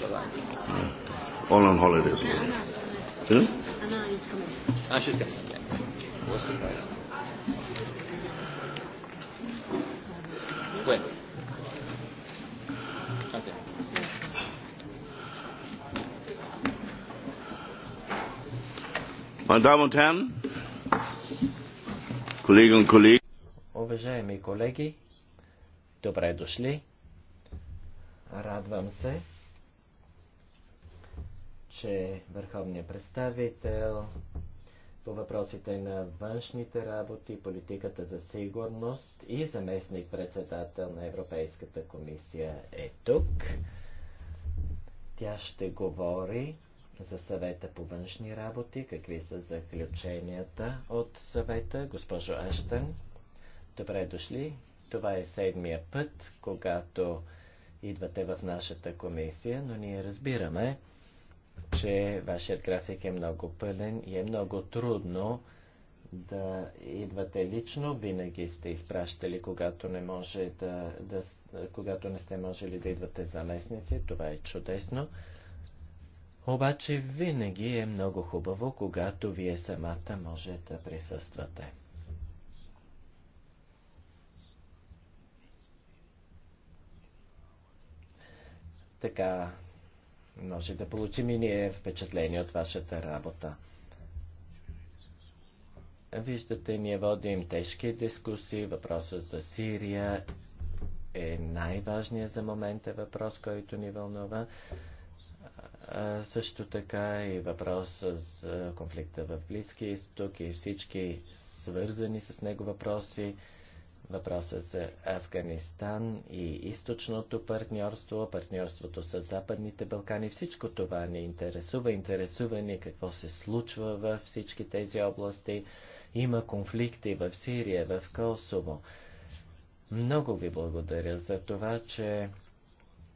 Yeah. All on holidays. Yeah? Anna is coming. Ah, she's coming. Yeah. Was surprised. When? Okay. Meine Damen und Herren, Kolleginnen und Kollegen. Уважаеми колеги, добре дошли. Радвам се, че върховният представител по въпросите на външните работи, политиката за сигурност и заместник председател на Европейската комисия е тук. Тя ще говори за съвета по външни работи, какви са заключенията от съвета. Госпожо Аштън, добре дошли. Това е седмия път, когато идвате в нашата комисия, но ние разбираме, че вашият график е много пълен и е много трудно да идвате лично. Винаги сте изпращали, когато не, може да, да, когато не сте можели да идвате заместници. Това е чудесно. Обаче винаги е много хубаво, когато вие самата може да присъствате. Така, може да получим и ние впечатление от вашата работа. Виждате, ние водим тежки дискусии. Въпросът за Сирия е най-важният за момента въпрос, който ни вълнува. А, също така и въпрос за конфликта в Близки изток и всички свързани с него въпроси. Въпросът за Афганистан и източното партньорство, партньорството с Западните Балкани. Всичко това ни интересува. Интересува ни какво се случва във всички тези области. Има конфликти в Сирия, в Косово. Много ви благодаря за това, че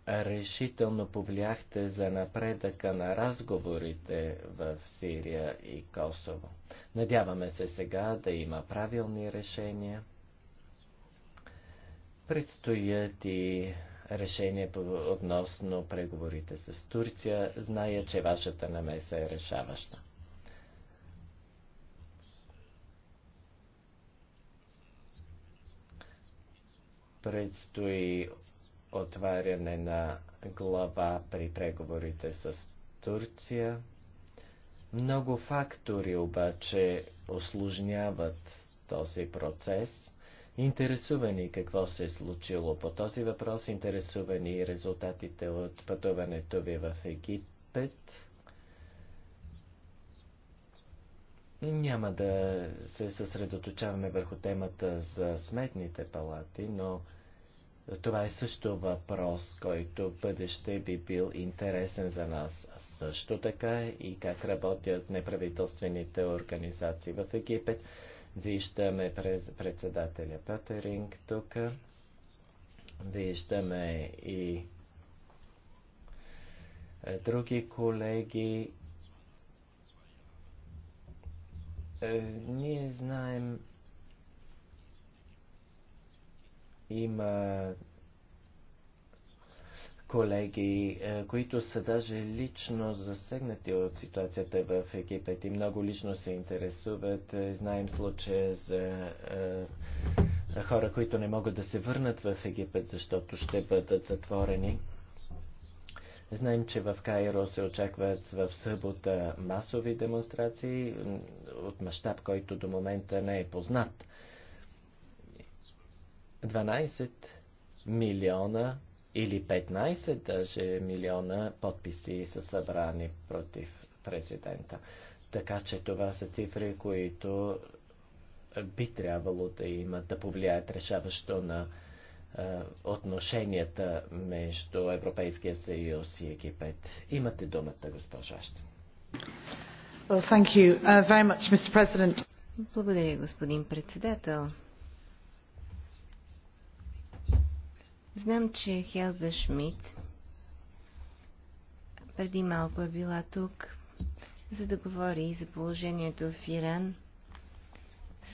решително повлияхте за напредъка на разговорите в Сирия и Косово. Надяваме се сега да има правилни решения. Предстоят и решение относно преговорите с Турция. Зная, че вашата намеса е решаваща. Предстои отваряне на глава при преговорите с Турция. Много фактори обаче осложняват този процес – интересувани какво се е случило по този въпрос, интересувани резултатите от пътуването ви в Египет. Няма да се съсредоточаваме върху темата за сметните палати, но това е също въпрос, който в бъдеще би бил интересен за нас. Също така и как работят неправителствените организации в Египет. Виждаме през председателя Патеринг тук. Виждаме и е, други колеги. Е, ние знаем, има колеги, е, които са даже лично засегнати от ситуацията в Египет и много лично се интересуват. Е, знаем случая за е, хора, които не могат да се върнат в Египет, защото ще бъдат затворени. Знаем, че в Кайро се очакват в събота масови демонстрации от мащаб, който до момента не е познат. 12 милиона или 15 даже милиона подписи са събрани против президента. Така че това са цифри, които би трябвало да имат, да повлияят решаващо на е, отношенията между Европейския съюз и Египет. Имате думата, госпожа Well, uh, Благодаря, господин председател. Знам, че Хелга Шмидт преди малко е била тук, за да говори и за положението в Иран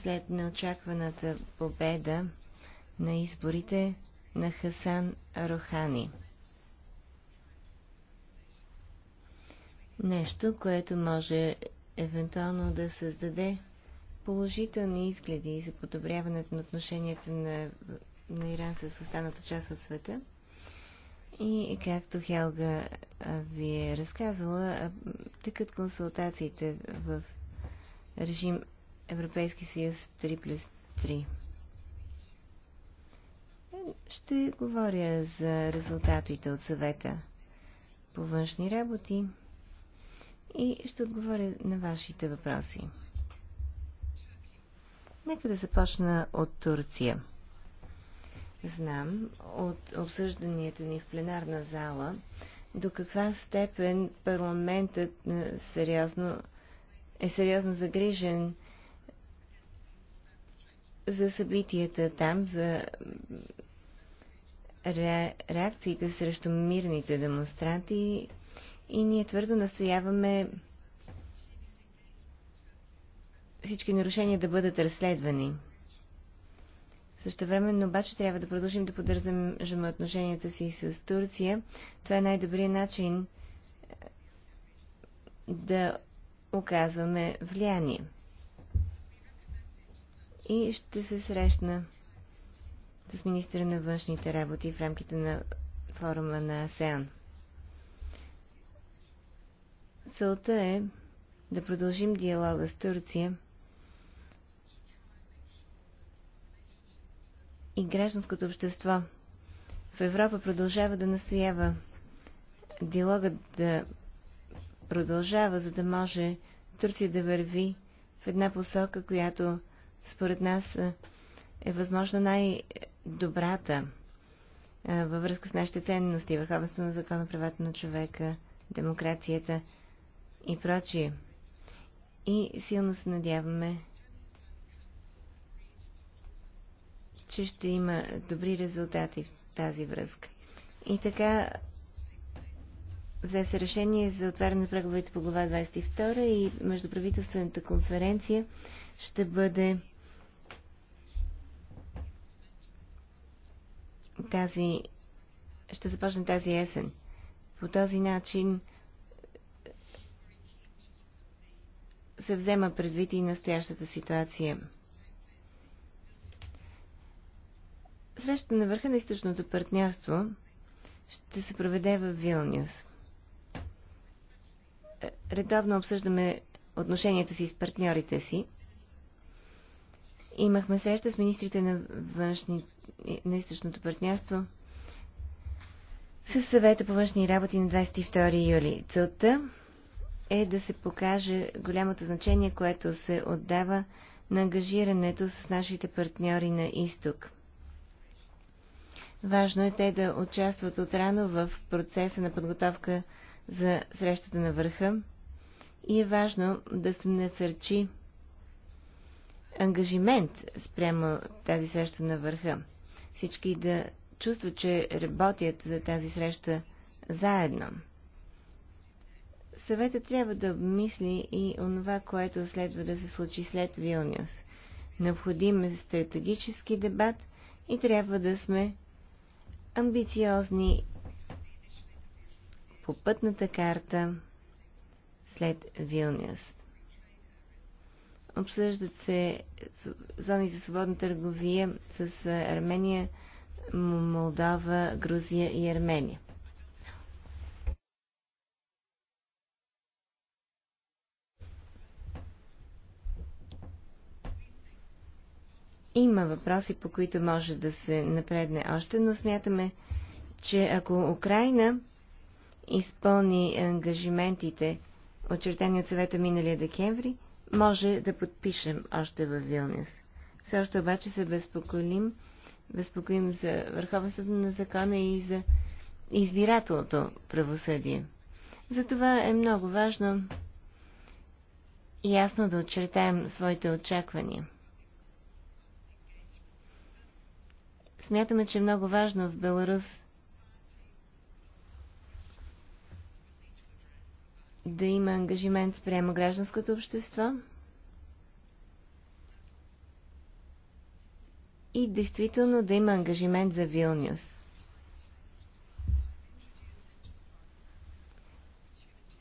след неочакваната победа на изборите на Хасан Рохани. Нещо, което може евентуално да създаде положителни изгледи за подобряването на отношенията на на Иран с останата част от света. И както Хелга ви е разказала, тъкат консултациите в режим Европейски съюз 3 плюс 3. Ще говоря за резултатите от съвета по външни работи и ще отговоря на вашите въпроси. Нека да започна от Турция знам от обсъжданията ни в пленарна зала до каква степен парламентът е, сериозно, е сериозно загрижен за събитията там, за ре, реакциите срещу мирните демонстранти и ние твърдо настояваме всички нарушения да бъдат разследвани. Също времено обаче трябва да продължим да поддържаме отношенията си с Турция. Това е най-добрият начин е, да оказваме влияние. И ще се срещна с министра на външните работи в рамките на форума на АСЕАН. Целта е да продължим диалога с Турция – и гражданското общество в Европа продължава да настоява диалогът да продължава, за да може Турция да върви в една посока, която според нас е възможно най-добрата във връзка с нашите ценности, върховенство на закона, правата на човека, демокрацията и прочие. И силно се надяваме, че ще има добри резултати в тази връзка. И така, взе се решение за отваряне на преговорите по глава 22 и междуправителствената конференция ще бъде тази, ще започне тази есен. По този начин се взема предвид и настоящата ситуация Среща на върха на източното партньорство ще се проведе в Вилнюс. Редовно обсъждаме отношенията си с партньорите си. Имахме среща с министрите на, външни, на източното партньорство с съвета по външни работи на 22 юли. Целта е да се покаже голямото значение, което се отдава на ангажирането с нашите партньори на изток – Важно е те да участват отрано в процеса на подготовка за срещата на върха и е важно да се насърчи ангажимент спрямо тази среща на върха. Всички да чувстват, че работят за тази среща заедно. Съветът трябва да обмисли и онова, което следва да се случи след Вилнюс. Необходим е стратегически дебат и трябва да сме амбициозни по пътната карта след Вилнюс. Обсъждат се зони за свободна търговия с Армения, Молдова, Грузия и Армения. Има въпроси, по които може да се напредне още, но смятаме, че ако Украина изпълни ангажиментите, очертани от съвета миналия декември, може да подпишем още във Вилнюс. Все още обаче се безпокоим, безпокоим за върховенството на закона и за избирателното правосъдие. Затова е много важно ясно да очертаем своите очаквания. Смятаме, че е много важно в Беларус да има ангажимент спрямо гражданското общество и действително да има ангажимент за Вилнюс.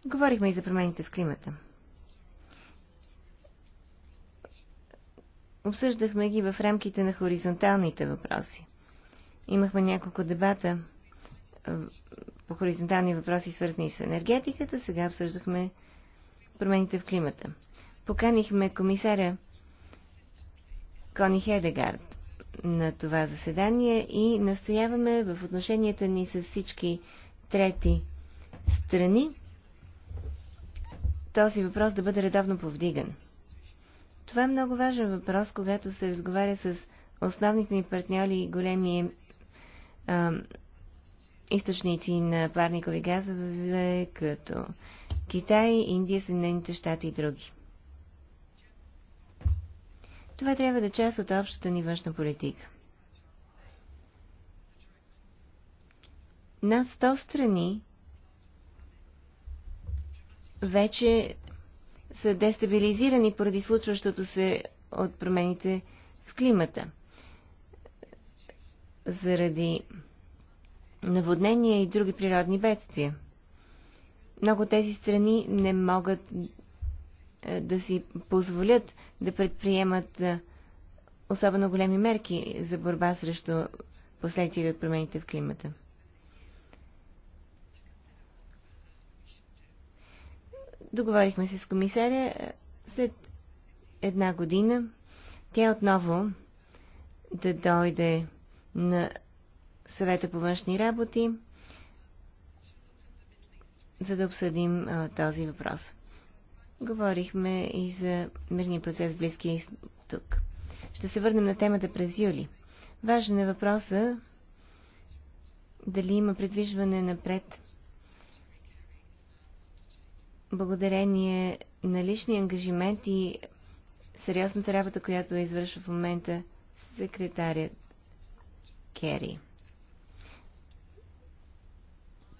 Говорихме и за промените в климата. Обсъждахме ги в рамките на хоризонталните въпроси. Имахме няколко дебата по хоризонтални въпроси, свързани с енергетиката. Сега обсъждахме промените в климата. Поканихме комисаря Кони Хедегард на това заседание и настояваме в отношенията ни с всички трети страни този въпрос да бъде редовно повдиган. Това е много важен въпрос, когато се разговаря с основните ни партньори и големи източници на парникови газове, като Китай, Индия, Съединените щати и други. Това трябва да е част от общата ни външна политика. Над 100 страни вече са дестабилизирани поради случващото се от промените в климата заради наводнения и други природни бедствия. Много тези страни не могат е, да си позволят да предприемат е, особено големи мерки за борба срещу последствията от промените в климата. Договорихме се с комисаря е, след една година. Тя отново да дойде на съвета по външни работи, за да обсъдим а, този въпрос. Говорихме и за мирния процес в Близкия изток. Ще се върнем на темата през юли. Важен е въпроса дали има предвижване напред благодарение на лични ангажименти и сериозната работа, която извършва в момента секретарят Кери.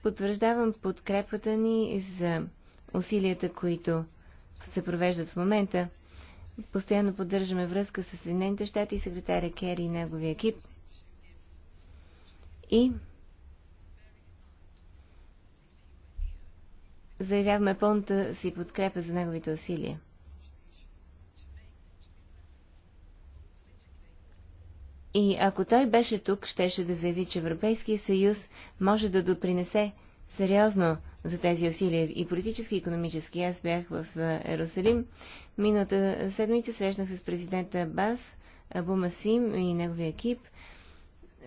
Потвърждавам подкрепата ни за усилията, които се провеждат в момента. Постоянно поддържаме връзка с Съединените щати и секретаря Кери и неговия екип. И заявяваме пълната си подкрепа за неговите усилия. И ако той беше тук, щеше да заяви, че Европейския съюз може да допринесе сериозно за тези усилия и политически, и економически. Аз бях в е, Ерусалим. Миналата седмица срещнах се с президента Бас, Абу Масим и неговия екип.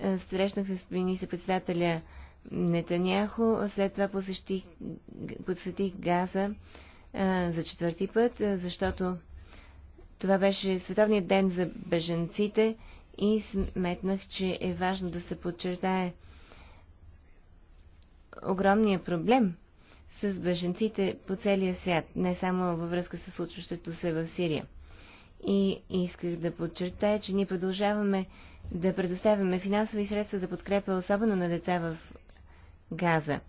Е, срещнах се с министър-председателя Нетаняхо. След това посетих, посетих Газа е, за четвърти път, защото това беше Световният ден за беженците и сметнах, че е важно да се подчертае огромния проблем с беженците по целия свят, не само във връзка с случващото се в Сирия. И исках да подчертая, че ние продължаваме да предоставяме финансови средства за подкрепа, особено на деца в Газа.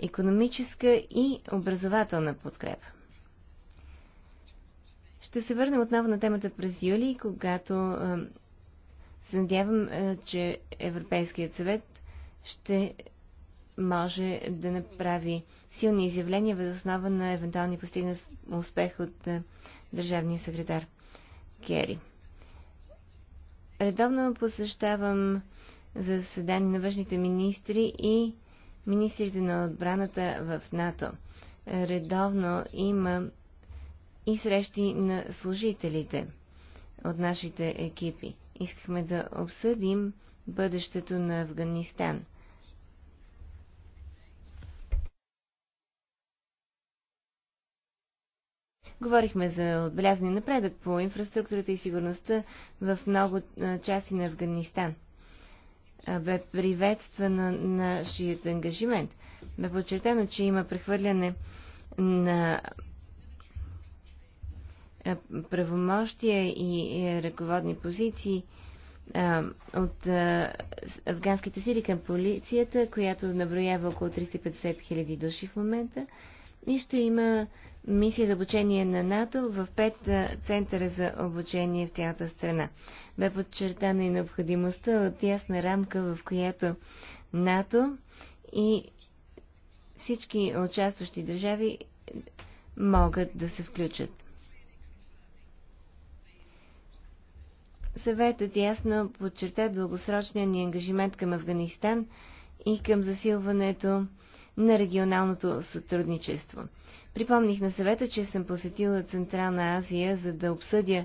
Економическа и образователна подкрепа. Ще се върнем отново на темата през юли, когато се надявам, че Европейският съвет ще може да направи силни изявления въз основа на евентуални постигнат успех от държавния секретар Кери. Редовно посещавам заседания на външните министри и министрите на отбраната в НАТО. Редовно има и срещи на служителите от нашите екипи. Искахме да обсъдим бъдещето на Афганистан. Говорихме за отбелязани напредък по инфраструктурата и сигурността в много части на Афганистан. Бе приветствана нашият ангажимент. Бе подчертано, че има прехвърляне на е, правомощия и ръководни позиции е, от е, афганските сили към полицията, която наброява около 350 хиляди души в момента. И ще има мисия за обучение на НАТО в пет центъра за обучение в цялата страна. Бе подчертана и необходимостта от ясна рамка, в която НАТО и всички участващи държави могат да се включат. Съветът ясно подчерта дългосрочния ни ангажимент към Афганистан и към засилването на регионалното сътрудничество. Припомних на съвета, че съм посетила Централна Азия, за да обсъдя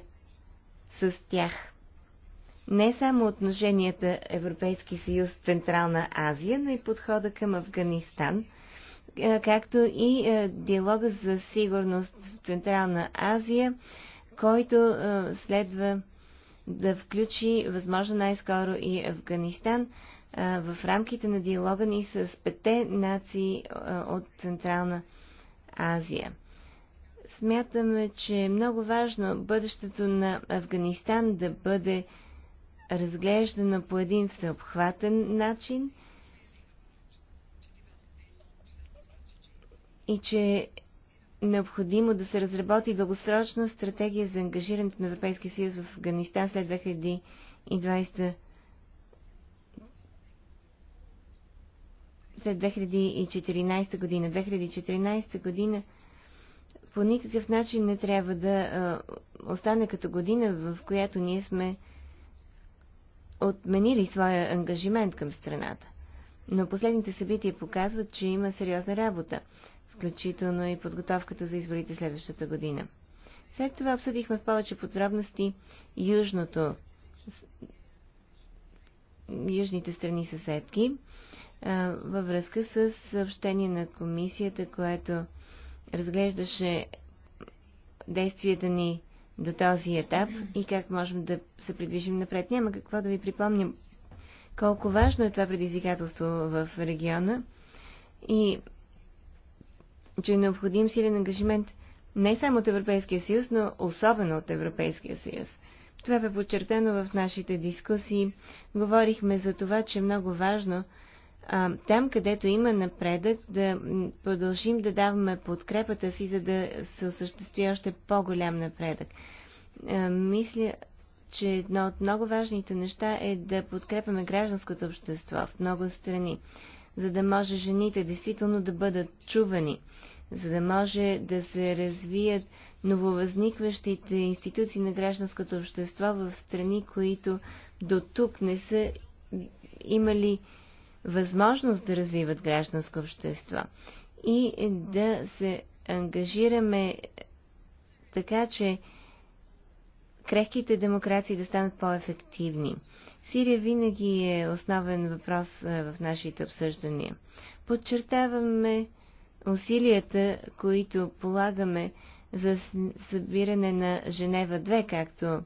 с тях не само отношенията Европейски съюз Централна Азия, но и подхода към Афганистан, е, както и е, диалога за сигурност в Централна Азия, който е, следва да включи възможно най-скоро и Афганистан в рамките на диалога ни с пете нации от Централна Азия. Смятаме, че е много важно бъдещето на Афганистан да бъде разглеждано по един всеобхватен начин и че необходимо да се разработи дългосрочна стратегия за ангажирането на Европейския съюз в Афганистан след 2020 след 2014 година. 2014 година по никакъв начин не трябва да а, остане като година, в която ние сме отменили своя ангажимент към страната. Но последните събития показват, че има сериозна работа включително и подготовката за изборите следващата година. След това обсъдихме в повече подробности южното, южните страни съседки във връзка с съобщение на комисията, което разглеждаше действията ни до този етап и как можем да се придвижим напред. Няма какво да ви припомня колко важно е това предизвикателство в региона и че е необходим силен ангажимент не само от Европейския съюз, но особено от Европейския съюз. Това бе подчертано в нашите дискусии. Говорихме за това, че е много важно а, там, където има напредък, да продължим да даваме подкрепата си, за да се осъществи още по-голям напредък. А, мисля, че едно от много важните неща е да подкрепяме гражданското общество в много страни за да може жените действително да бъдат чувани, за да може да се развият нововъзникващите институции на гражданското общество в страни, които до тук не са имали възможност да развиват гражданско общество и да се ангажираме така, че крехките демокрации да станат по-ефективни. Сирия винаги е основен въпрос е, в нашите обсъждания. Подчертаваме усилията, които полагаме за събиране на Женева 2, както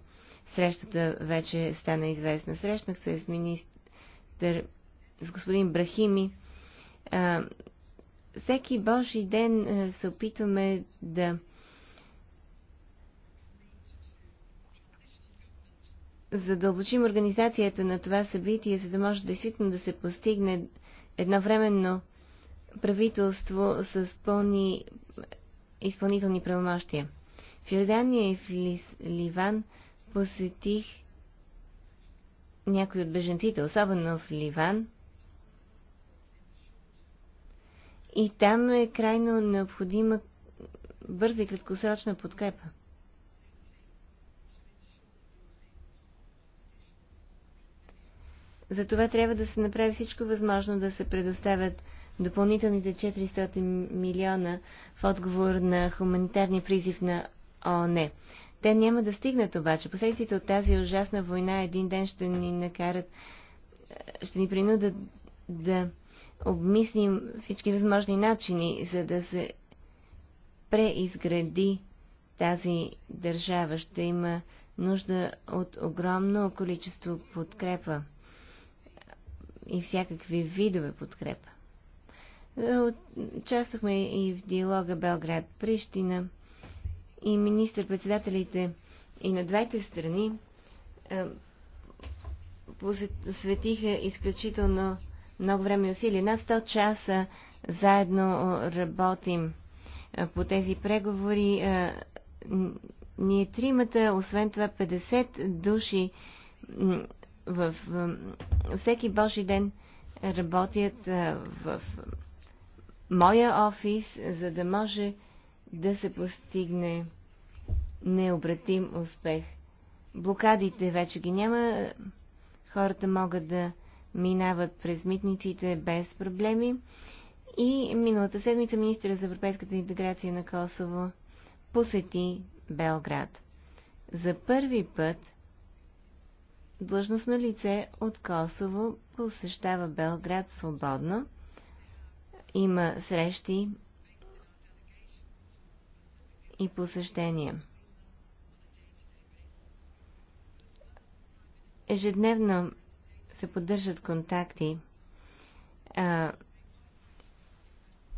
срещата вече стана известна. Срещнах се с министър, с господин Брахими. всеки Божи ден е, се опитваме да задълбочим организацията на това събитие, за да може действително да се постигне едновременно правителство с пълни изпълнителни правомощия. В Йордания и в Лис, Ливан посетих някои от беженците, особено в Ливан. И там е крайно необходима бърза и краткосрочна подкрепа. Затова трябва да се направи всичко възможно да се предоставят допълнителните 400 милиона в отговор на хуманитарния призив на ООН. Те няма да стигнат обаче. Последиците от тази ужасна война един ден ще ни накарат, е, ще ни принудат да обмислим всички възможни начини, за да се преизгради тази държава. Ще има нужда от огромно количество подкрепа и всякакви видове подкрепа. Участвахме и в диалога Белград-Прищина и министър-председателите и на двете страни посветиха изключително много време и усилия. Над 100 часа заедно работим по тези преговори. ние тримата, освен това 50 души в, всеки Божи ден работят в моя офис, за да може да се постигне необратим успех. Блокадите вече ги няма. Хората могат да минават през митниците без проблеми. И миналата седмица министра за европейската интеграция на Косово посети Белград. За първи път длъжностно лице от Косово посещава Белград свободно. Има срещи и посещения. Ежедневно се поддържат контакти, а,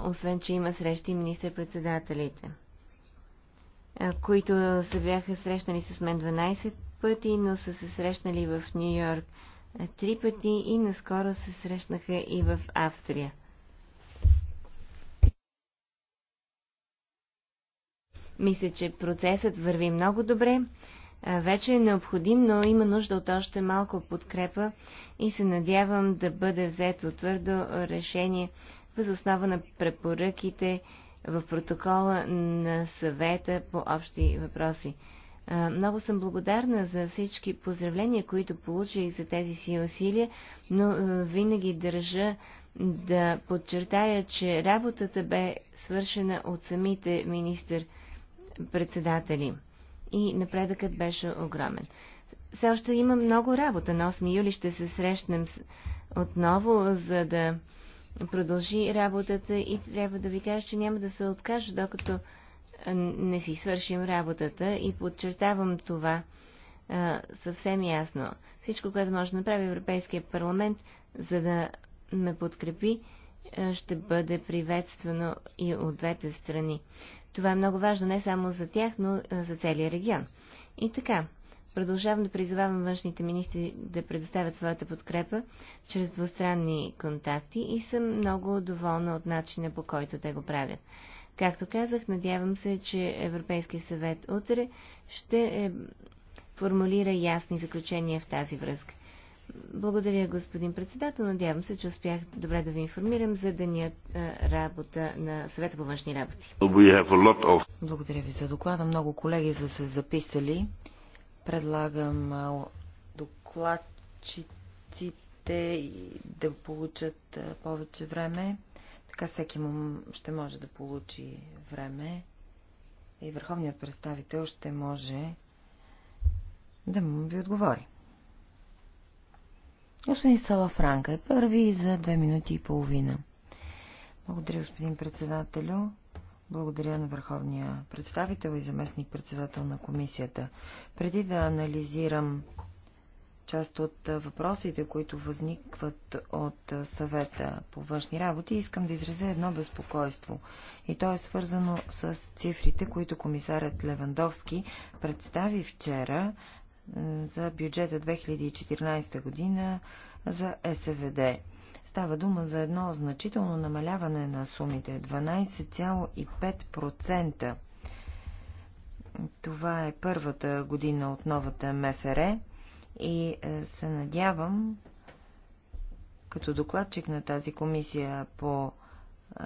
освен че има срещи министър-председателите, които се бяха срещнали с мен 12 пъти, но са се срещнали в Нью Йорк три пъти и наскоро се срещнаха и в Австрия. Мисля, че процесът върви много добре. Вече е необходим, но има нужда от още малко подкрепа и се надявам да бъде взето твърдо решение въз основа на препоръките в протокола на съвета по общи въпроси. Много съм благодарна за всички поздравления, които получих за тези си усилия, но винаги държа да подчертая, че работата бе свършена от самите министър-председатели и напредъкът беше огромен. Все още има много работа. На 8 юли ще се срещнем отново, за да продължи работата и трябва да ви кажа, че няма да се откажа, докато не си свършим работата и подчертавам това а, съвсем ясно. Всичко, което може да направи Европейския парламент, за да ме подкрепи, ще бъде приветствано и от двете страни. Това е много важно не само за тях, но за целия регион. И така, продължавам да призовавам външните министри да предоставят своята подкрепа чрез двустранни контакти и съм много доволна от начина по който те го правят. Както казах, надявам се, че Европейския съвет утре ще е, формулира ясни заключения в тази връзка. Благодаря, господин председател. Надявам се, че успях добре да ви информирам за денят е, работа на съвета по външни работи. Of... Благодаря ви за доклада. Много колеги са се записали. Предлагам е, докладчиците да получат е, повече време. Така всеки му ще може да получи време и върховният представител ще може да му ви отговори. Господин Салафранка е първи за две минути и половина. Благодаря, господин председателю. Благодаря на върховния представител и заместник председател на комисията. Преди да анализирам част от въпросите, които възникват от съвета по външни работи, искам да изразя едно безпокойство. И то е свързано с цифрите, които комисарят Левандовски представи вчера за бюджета 2014 година за СВД. Става дума за едно значително намаляване на сумите 12,5%. Това е първата година от новата МФР и е, се надявам, като докладчик на тази комисия по е,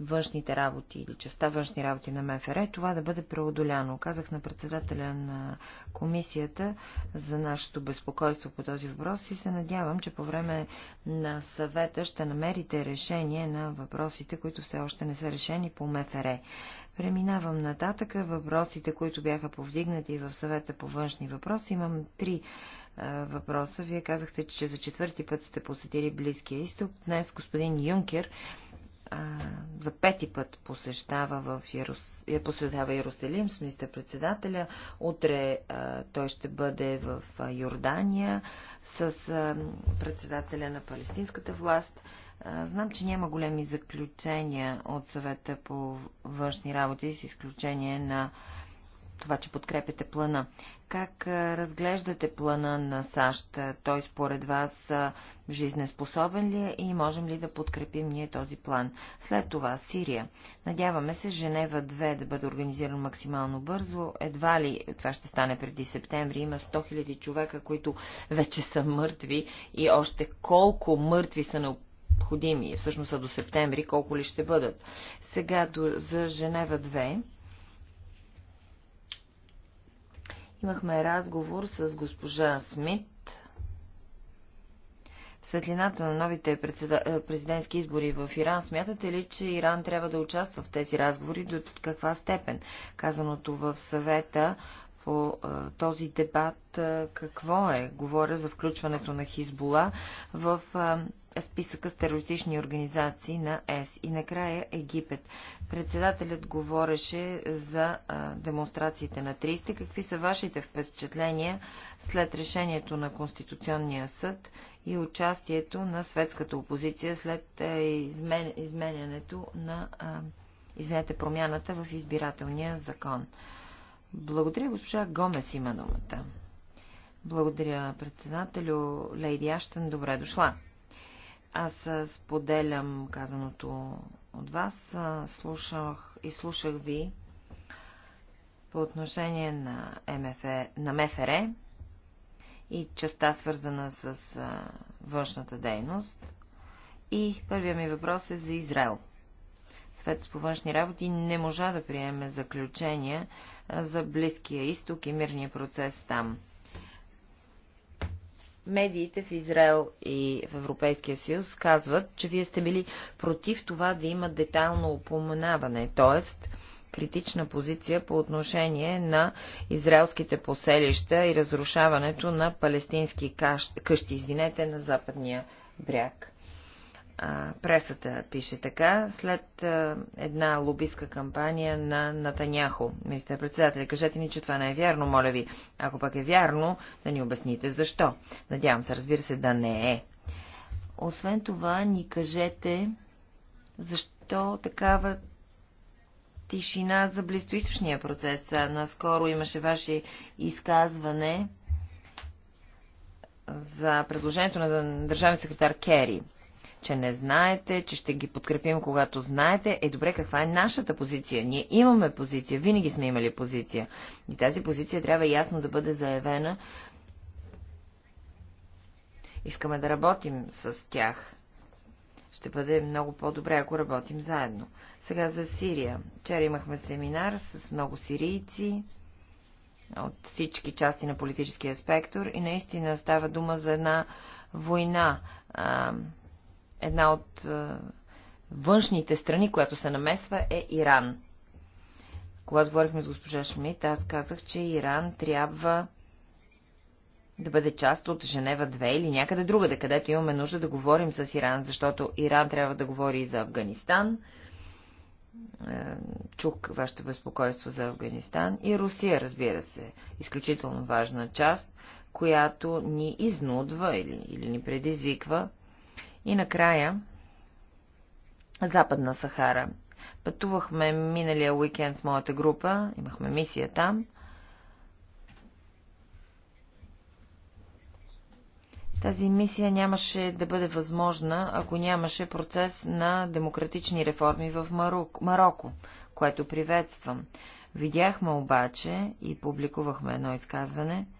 външните работи или частта външни работи на МФР, това да бъде преодоляно. Казах на председателя на комисията за нашето безпокойство по този въпрос и се надявам, че по време на съвета ще намерите решение на въпросите, които все още не са решени по МФР. Преминавам нататък. Въпросите, които бяха повдигнати в съвета по външни въпроси, имам три е, въпроса. Вие казахте, че за четвърти път сте посетили Близкия изток. Днес господин Юнкер за пети път посещава в Ярус... Е, посещава Иерусалим с министър-председателя. Утре а, той ще бъде в Йордания с а, председателя на палестинската власт. А, знам, че няма големи заключения от съвета по външни работи, с изключение на това, че подкрепяте плана. Как разглеждате плана на САЩ? Той според вас жизнеспособен ли е и можем ли да подкрепим ние този план? След това Сирия. Надяваме се Женева 2 да бъде организирано максимално бързо. Едва ли това ще стане преди септември. Има 100 000 човека, които вече са мъртви и още колко мъртви са необходими всъщност са до септември, колко ли ще бъдат. Сега до, за Женева 2 Имахме разговор с госпожа Смит. В светлината на новите е, президентски избори в Иран, смятате ли, че Иран трябва да участва в тези разговори до каква степен? Казаното в съвета по е, този дебат е, какво е? Говоря за включването на Хизбола в списъка с терористични организации на ЕС. И накрая Египет. Председателят говореше за а, демонстрациите на 30. Какви са вашите впечатления след решението на Конституционния съд и участието на светската опозиция след а, измен, изменянето на а, извинете, промяната в избирателния закон? Благодаря, госпожа Гомес има думата. Благодаря, председателю. Лейди Аштен, добре дошла. Аз споделям казаното от вас. Слушах и слушах ви по отношение на, МФ, на МФР и частта свързана с външната дейност. И първия ми въпрос е за Израел. Свет по външни работи не можа да приеме заключения за Близкия изток и мирния процес там. Медиите в Израел и в Европейския съюз казват, че вие сте били против това да има детайлно упоменаване, т.е критична позиция по отношение на израелските поселища и разрушаването на палестински къщи, извинете, на западния бряг а, пресата пише така, след а, една лобистка кампания на Натаняхо, министър председателя. Кажете ни, че това не е вярно, моля ви. Ако пък е вярно, да ни обясните защо. Надявам се, разбира се, да не е. Освен това, ни кажете, защо такава тишина за близкоисточния процес. а Наскоро имаше ваше изказване за предложението на държавен секретар Кери че не знаете, че ще ги подкрепим, когато знаете. Е, добре, каква е нашата позиция? Ние имаме позиция, винаги сме имали позиция. И тази позиция трябва ясно да бъде заявена. Искаме да работим с тях. Ще бъде много по-добре, ако работим заедно. Сега за Сирия. Вчера имахме семинар с много сирийци от всички части на политическия спектър и наистина става дума за една война една от е, външните страни, която се намесва, е Иран. Когато говорихме с госпожа Шмидт, аз казах, че Иран трябва да бъде част от Женева 2 или някъде другаде, където имаме нужда да говорим с Иран, защото Иран трябва да говори и за Афганистан. Е, Чук вашето безпокойство за Афганистан и Русия, разбира се, изключително важна част, която ни изнудва или, или ни предизвиква и накрая, Западна Сахара. Пътувахме миналия уикенд с моята група, имахме мисия там. Тази мисия нямаше да бъде възможна, ако нямаше процес на демократични реформи в Марок, Марокко, което приветствам. Видяхме обаче и публикувахме едно изказване –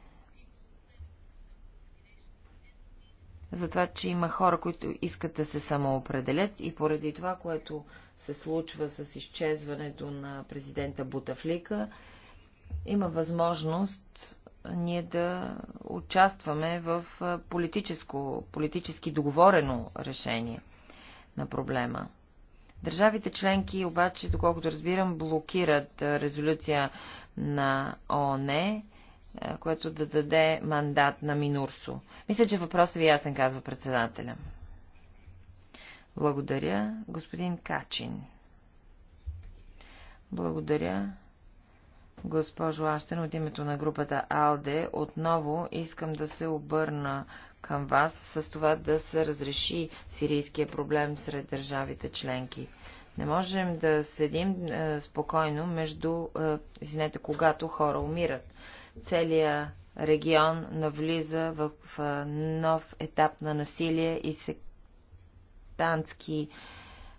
за това, че има хора, които искат да се самоопределят и поради това, което се случва с изчезването на президента Бутафлика, има възможност ние да участваме в политическо, политически договорено решение на проблема. Държавите членки обаче, доколкото разбирам, блокират резолюция на ООН, е, което да даде мандат на Минурсо. Мисля, че въпросът ви е ясен, казва председателя. Благодаря, господин Качин. Благодаря, госпожо Аштен, от името на групата АЛДЕ. Отново искам да се обърна към вас с това да се разреши сирийския проблем сред държавите членки. Не можем да седим е, спокойно между, е, извинете, когато хора умират целия регион навлиза в нов етап на насилие и сектантски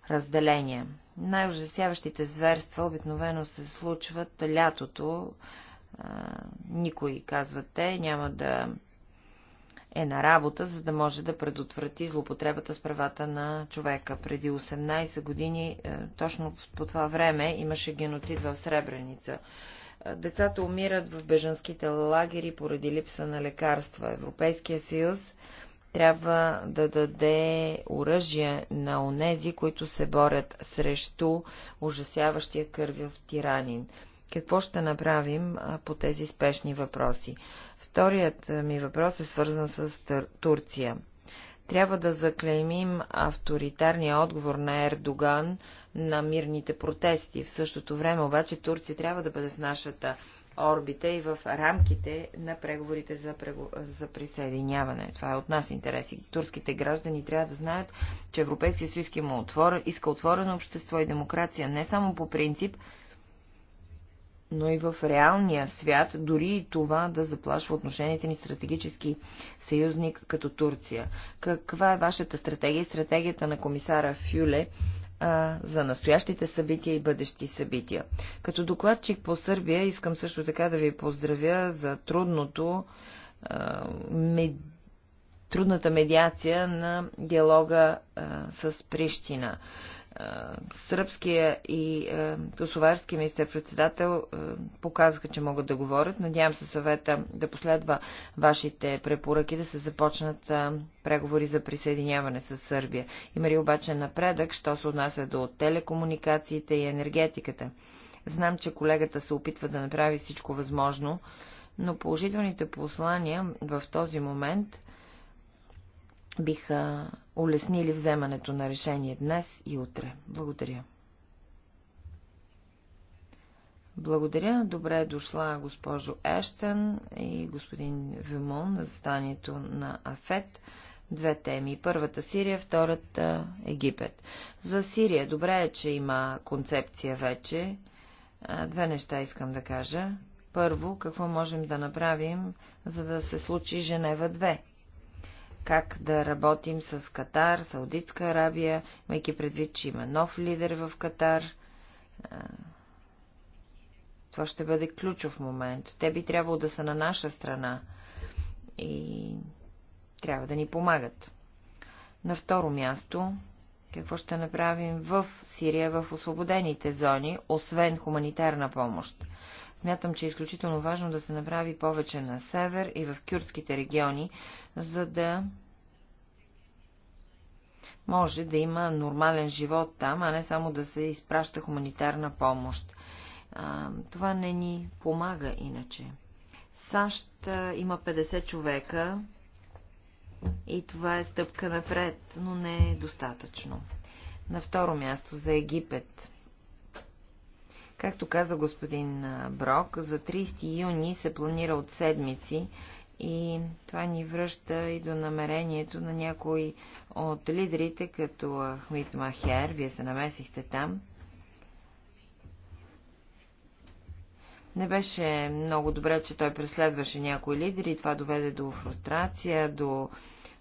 разделения. Най-ужасяващите зверства обикновено се случват лятото. Никой, казват те, няма да е на работа, за да може да предотврати злопотребата с правата на човека. Преди 18 години, е, точно по това време, имаше геноцид в Сребреница. Децата умират в бежанските лагери поради липса на лекарства. Европейския съюз трябва да даде оръжие на онези, които се борят срещу ужасяващия кървив тиранин. Какво ще направим по тези спешни въпроси? Вторият ми въпрос е свързан с Турция. Трябва да заклеймим авторитарния отговор на Ердоган на мирните протести. В същото време обаче Турция трябва да бъде в нашата орбита и в рамките на преговорите за, прегу... за присъединяване. Това е от нас интереси. Турските граждани трябва да знаят, че Европейския съюз иска отворено общество и демокрация не само по принцип, но и в реалния свят, дори и това да заплашва отношенията ни стратегически съюзник като Турция. Каква е вашата стратегия и стратегията на комисара Фюле а, за настоящите събития и бъдещи събития? Като докладчик по Сърбия искам също така да ви поздравя за трудното а, мед... трудната медиация на диалога а, с Прищина сръбския и косоварски министър-председател показаха, че могат да говорят. Надявам се съвета да последва вашите препоръки да се започнат преговори за присъединяване с Сърбия. Има ли обаче напредък, що се отнася до телекомуникациите и енергетиката? Знам, че колегата се опитва да направи всичко възможно, но положителните послания в този момент биха улеснили вземането на решение днес и утре. Благодаря. Благодаря. Добре е дошла госпожо Ештън и господин Вимон на застанието на АФЕТ. Две теми. Първата Сирия, втората Египет. За Сирия добре е, че има концепция вече. Две неща искам да кажа. Първо, какво можем да направим, за да се случи Женева как да работим с Катар, Саудитска Арабия, имайки предвид, че има нов лидер в Катар. Това ще бъде ключов момент. Те би трябвало да са на наша страна и трябва да ни помагат. На второ място, какво ще направим в Сирия, в освободените зони, освен хуманитарна помощ? Мятам, че е изключително важно да се направи повече на север и в кюртските региони, за да може да има нормален живот там, а не само да се изпраща хуманитарна помощ. А, това не ни помага иначе. САЩ има 50 човека и това е стъпка напред, но не е достатъчно. На второ място за Египет. Както каза господин Брок, за 30 юни се планира от седмици и това ни връща и до намерението на някой от лидерите, като Ахмит Махер, вие се намесихте там. Не беше много добре, че той преследваше някои лидери, това доведе до фрустрация, до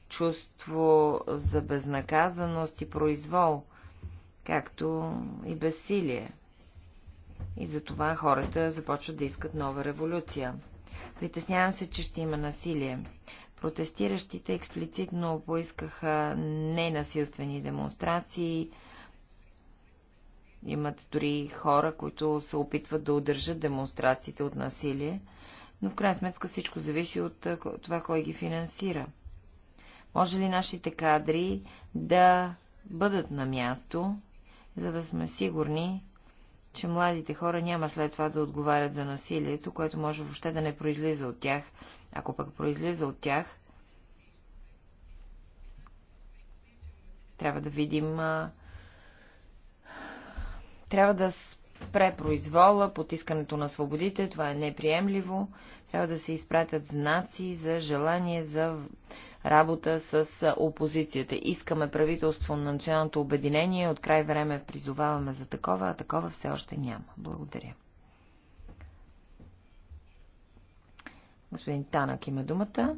чувство за безнаказаност и произвол, както и безсилие. И затова хората започват да искат нова революция. Притеснявам се, че ще има насилие. Протестиращите експлицитно поискаха ненасилствени демонстрации. Имат дори хора, които се опитват да удържат демонстрациите от насилие, но в крайна сметка всичко зависи от това, кой ги финансира. Може ли нашите кадри да бъдат на място, за да сме сигурни, че младите хора няма след това да отговарят за насилието, което може въобще да не произлиза от тях. Ако пък произлиза от тях, трябва да видим... Трябва да спре произвола, потискането на свободите, това е неприемливо. Трябва да се изпратят знаци за желание за работа с опозицията. Искаме правителство на националното обединение, от край време призоваваме за такова, а такова все още няма. Благодаря. Господин Танък има думата.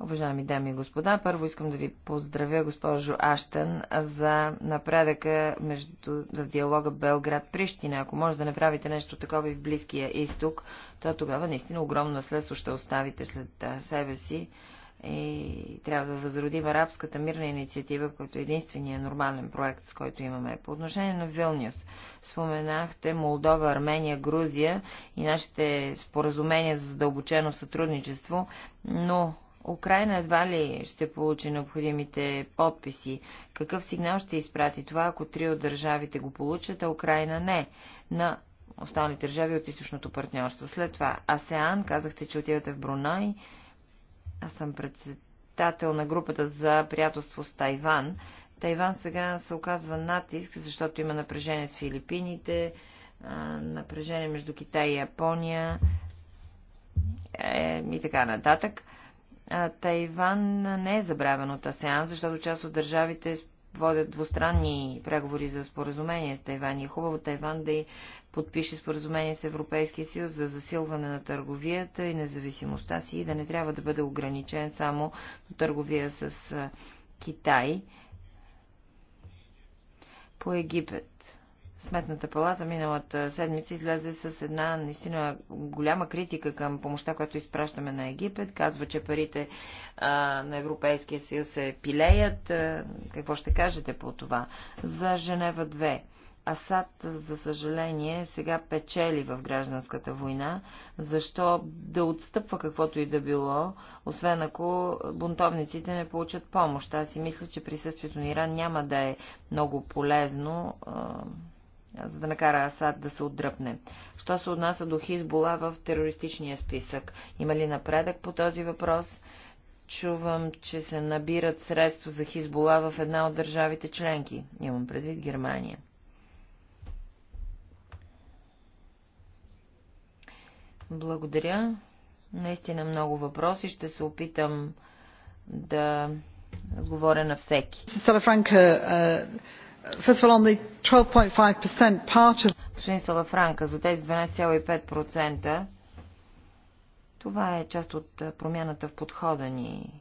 Уважаеми дами и господа, първо искам да ви поздравя, госпожо Аштен, за напредъка между, в диалога Белград-Прищина. Ако може да направите нещо такова и в Близкия изток, то тогава наистина огромно наследство ще оставите след себе си и трябва да възродим арабската мирна инициатива, който е единствения нормален проект, с който имаме. По отношение на Вилнюс, споменахте Молдова, Армения, Грузия и нашите споразумения за задълбочено сътрудничество, но Украина едва ли ще получи необходимите подписи. Какъв сигнал ще изпрати това, ако три от държавите го получат, а Украина не? На останалите държави от източното партньорство. След това АСЕАН, казахте, че отивате в Брунай. Аз съм председател на групата за приятелство с Тайван. Тайван сега се оказва натиск, защото има напрежение с Филипините, напрежение между Китай и Япония е, и така нататък. Тайван не е забравен от АСЕАН, защото част от държавите водят двустранни преговори за споразумение с Тайван и е хубаво Тайван да подпише споразумение с Европейския съюз за засилване на търговията и независимостта си и да не трябва да бъде ограничен само до търговия с Китай по Египет. Сметната палата миналата седмица излезе с една наистина голяма критика към помощта, която изпращаме на Египет. Казва, че парите а, на Европейския съюз се пилеят. Какво ще кажете по това? За Женева 2. Асад, за съжаление, сега печели в гражданската война. Защо да отстъпва каквото и да било, освен ако бунтовниците не получат помощ? Аз си мисля, че присъствието на Иран няма да е много полезно. А за да накара Асад да се отдръпне. Що се отнася до Хизбола в терористичния списък? Има ли напредък по този въпрос? Чувам, че се набират средства за Хизбола в една от държавите членки. Имам предвид Германия. Благодаря. Наистина много въпроси. Ще се опитам да отговоря на всеки. Салафранка, Господин Салафранка, за тези 12,5% това е част от промяната в подхода ни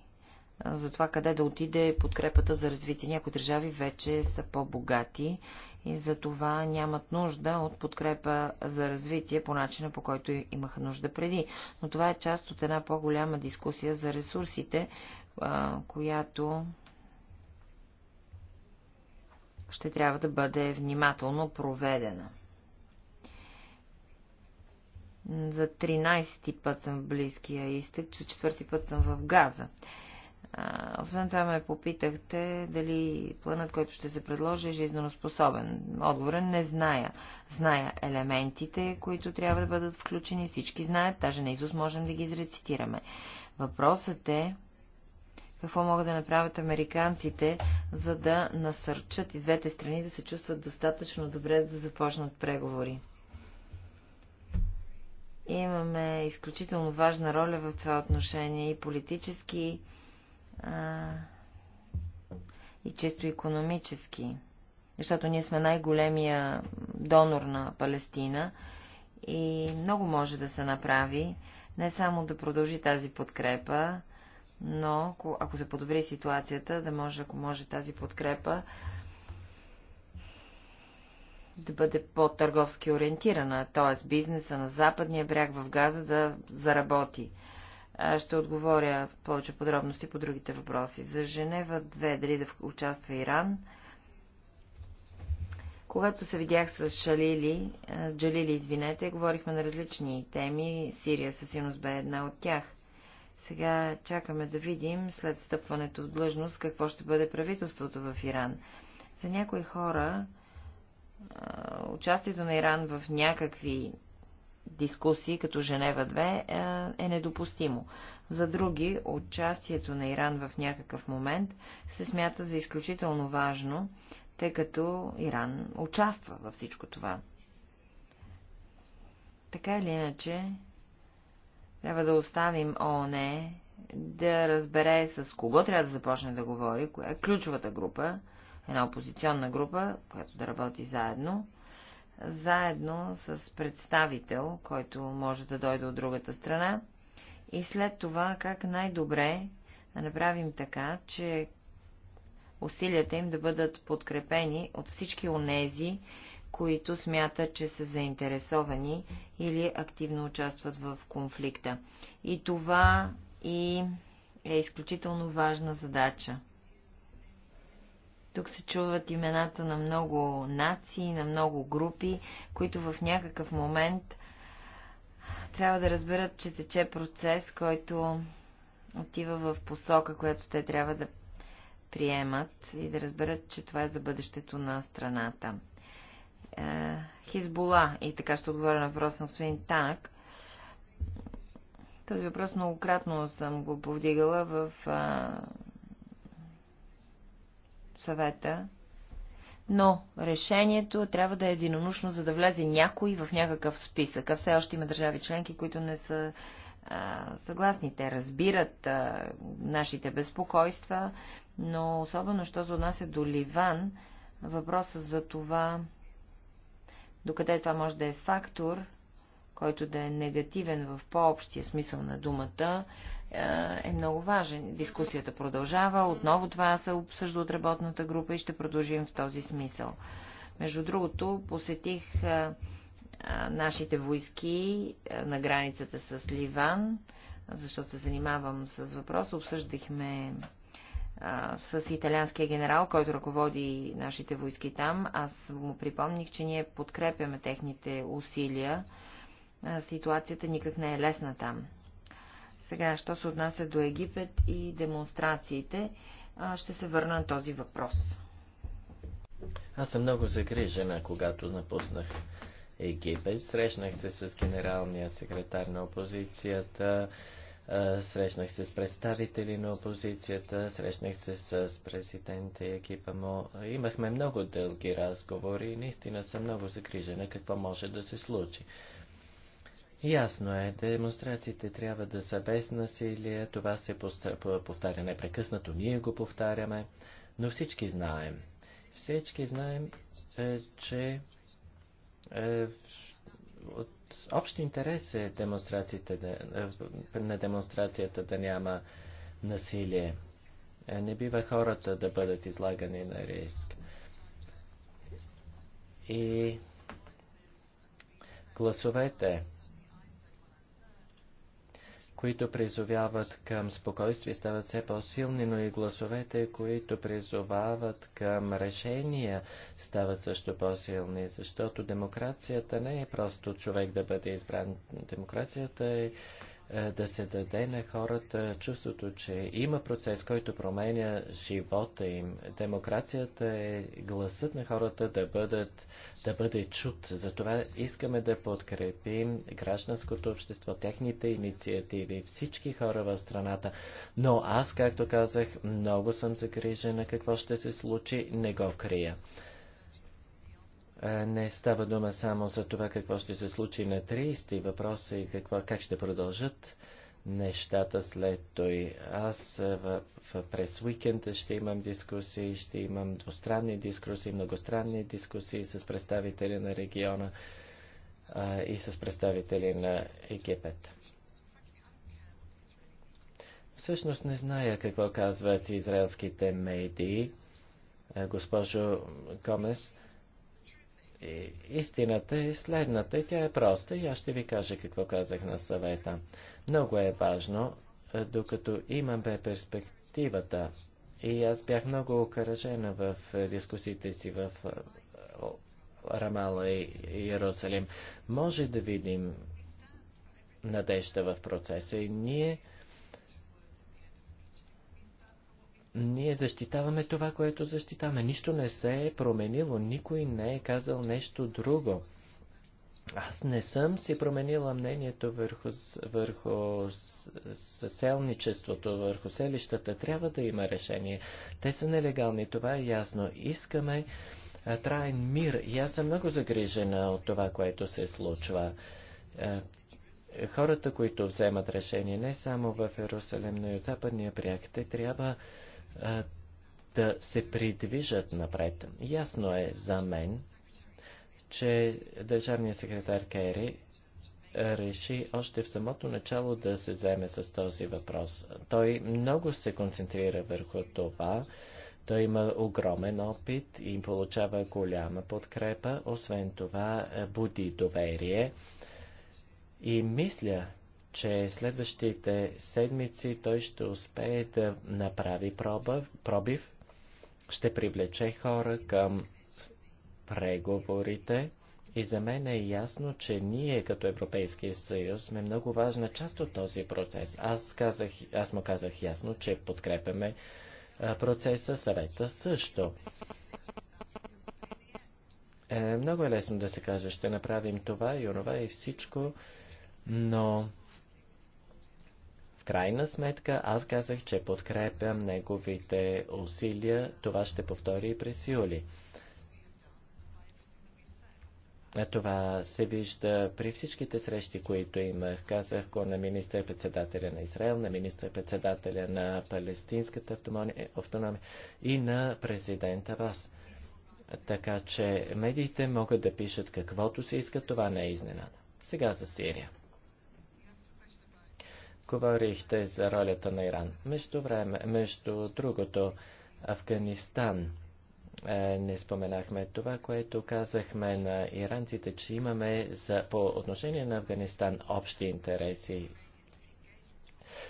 за това къде да отиде подкрепата за развитие. Някои държави вече са по-богати и за това нямат нужда от подкрепа за развитие по начина по който имаха нужда преди. Но това е част от една по-голяма дискусия за ресурсите, която ще трябва да бъде внимателно проведена. За 13-ти път съм в Близкия изток, за четвърти път съм в Газа. А, освен това ме попитахте дали планът, който ще се предложи, е жизненоспособен. Отговора не зная. Зная елементите, които трябва да бъдат включени. Всички знаят, даже на Изус можем да ги изрецитираме. Въпросът е какво могат да направят американците, за да насърчат и двете страни да се чувстват достатъчно добре да започнат преговори. Имаме изключително важна роля в това отношение и политически, а, и чисто економически, защото ние сме най-големия донор на Палестина и много може да се направи, не само да продължи тази подкрепа, но ако се подобри ситуацията, да може, ако може тази подкрепа да бъде по-търговски ориентирана, т.е. бизнеса на западния бряг в Газа да заработи. Ще отговоря в повече подробности по другите въпроси. За Женева 2, дали да участва Иран? Когато се видях с Шалили, с Джалили, извинете, говорихме на различни теми. Сирия със сигурност бе една от тях. Сега чакаме да видим след стъпването в длъжност какво ще бъде правителството в Иран. За някои хора участието на Иран в някакви дискусии, като Женева 2, е недопустимо. За други, участието на Иран в някакъв момент се смята за изключително важно, тъй като Иран участва във всичко това. Така или иначе, трябва да оставим ООН да разбере с кого трябва да започне да говори, коя е ключовата група, една опозиционна група, която да работи заедно, заедно с представител, който може да дойде от другата страна, и след това как най-добре да направим така, че усилията им да бъдат подкрепени от всички онези, които смятат, че са заинтересовани или активно участват в конфликта. И това и е изключително важна задача. Тук се чуват имената на много нации, на много групи, които в някакъв момент трябва да разберат, че тече процес, който отива в посока, която те трябва да приемат и да разберат, че това е за бъдещето на страната. Е, Хизбола, и така ще отговоря на въпроса на господин Танък. Този въпрос многократно съм го повдигала в а, съвета, но решението трябва да е единонушно, за да влезе някой в някакъв списък. А все още има държави членки, които не са съгласни. Те разбират а, нашите безпокойства, но особено, що се отнася до Ливан, въпросът за това Докъде това може да е фактор, който да е негативен в по-общия смисъл на думата, е, е много важен. Дискусията продължава, отново това се обсъжда от работната група и ще продължим в този смисъл. Между другото, посетих е, е, нашите войски на границата с Ливан, защото се занимавам с въпроса. Обсъждахме а, с италианския генерал, който ръководи нашите войски там. Аз му припомних, че ние подкрепяме техните усилия. А, ситуацията никак не е лесна там. Сега, що се отнася до Египет и демонстрациите, а, ще се върна на този въпрос. Аз съм много загрижена, когато напуснах Египет. Срещнах се с генералния секретар на опозицията, е, срещнах се с представители на опозицията, срещнах се с президента и екипа му. Имахме много дълги разговори и наистина съм много загрижена какво може да се случи. Ясно е, демонстрациите трябва да са без насилие, това се повтаря непрекъснато, ние го повтаряме, но всички знаем. Всички знаем, е, че е, от общ интерес е демонстрацията да, е, на демонстрацията да няма насилие. Е, не бива хората да бъдат излагани на риск. И гласовете които призовяват към спокойствие, стават все по-силни, но и гласовете, които призовават към решения, стават също по-силни, защото демокрацията не е просто човек да бъде избран. Демокрацията е е, да се даде на хората чувството, че има процес, който променя живота им. Демокрацията е гласът на хората да, бъдат, да бъде чут. Затова искаме да подкрепим гражданското общество, техните инициативи, всички хора в страната. Но аз, както казах, много съм загрижена какво ще се случи, не го крия не става дума само за това какво ще се случи на 30, въпроса и какво, как ще продължат нещата след той. Аз в, в, през уикенда ще имам дискусии, ще имам двустранни дискусии, многостранни дискусии с представители на региона а, и с представители на Египет. Всъщност не зная какво казват израелските медии, госпожо Комес. Е, истината е следната и тя е проста и аз ще ви кажа какво казах на съвета. Много е важно, е, докато имаме перспективата и аз бях много окаражена в е, дискусиите си в Рамала и Иерусалим. Може да видим надежда в процеса и ние ние защитаваме това, което защитаваме. Нищо не се е променило, никой не е казал нещо друго. Аз не съм си променила мнението върху, върху селничеството, върху селищата. Трябва да има решение. Те са нелегални, това е ясно. Искаме траен мир. И аз съм много загрижена от това, което се случва. хората, които вземат решение не само в Иерусалим, но и от Западния бряг, те трябва да се придвижат напред. Ясно е за мен, че държавният секретар Кери реши още в самото начало да се заеме с този въпрос. Той много се концентрира върху това. Той има огромен опит и получава голяма подкрепа. Освен това, буди доверие. И мисля, че следващите седмици той ще успее да направи проба, пробив, ще привлече хора към преговорите. И за мен е ясно, че ние като Европейския съюз сме много важна част от този процес. Аз, казах, аз му казах ясно, че подкрепяме процеса, съвета също. Е, много е лесно да се каже, ще направим това и онова и всичко, но крайна сметка аз казах, че подкрепям неговите усилия. Това ще повтори и през юли. Това се вижда при всичките срещи, които имах. Казах го на министър-председателя на Израел, на министър-председателя на Палестинската е, автономия и на президента Вас. Така че медиите могат да пишат каквото се искат, това не е изненада. Сега за Сирия говорихте за ролята на Иран. Между, време, между другото, Афганистан. Е, не споменахме това, което казахме на иранците, че имаме за, по отношение на Афганистан общи интереси.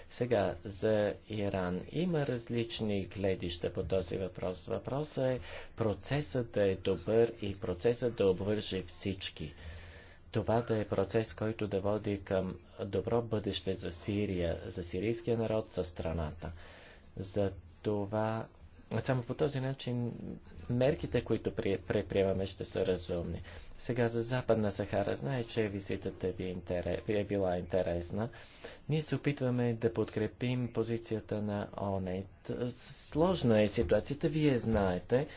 Сега, за Иран има различни гледища по този въпрос. Въпросът е процесът да е добър и процесът да обвърже всички това да е процес, който да води към добро бъдеще за Сирия, за сирийския народ, за страната. За това, само по този начин, мерките, които предприемаме, ще са разумни. Сега за Западна Сахара, знае, че визитата ви е, е била интересна. Ние се опитваме да подкрепим позицията на ОНЕ. Сложна е ситуацията, вие знаете.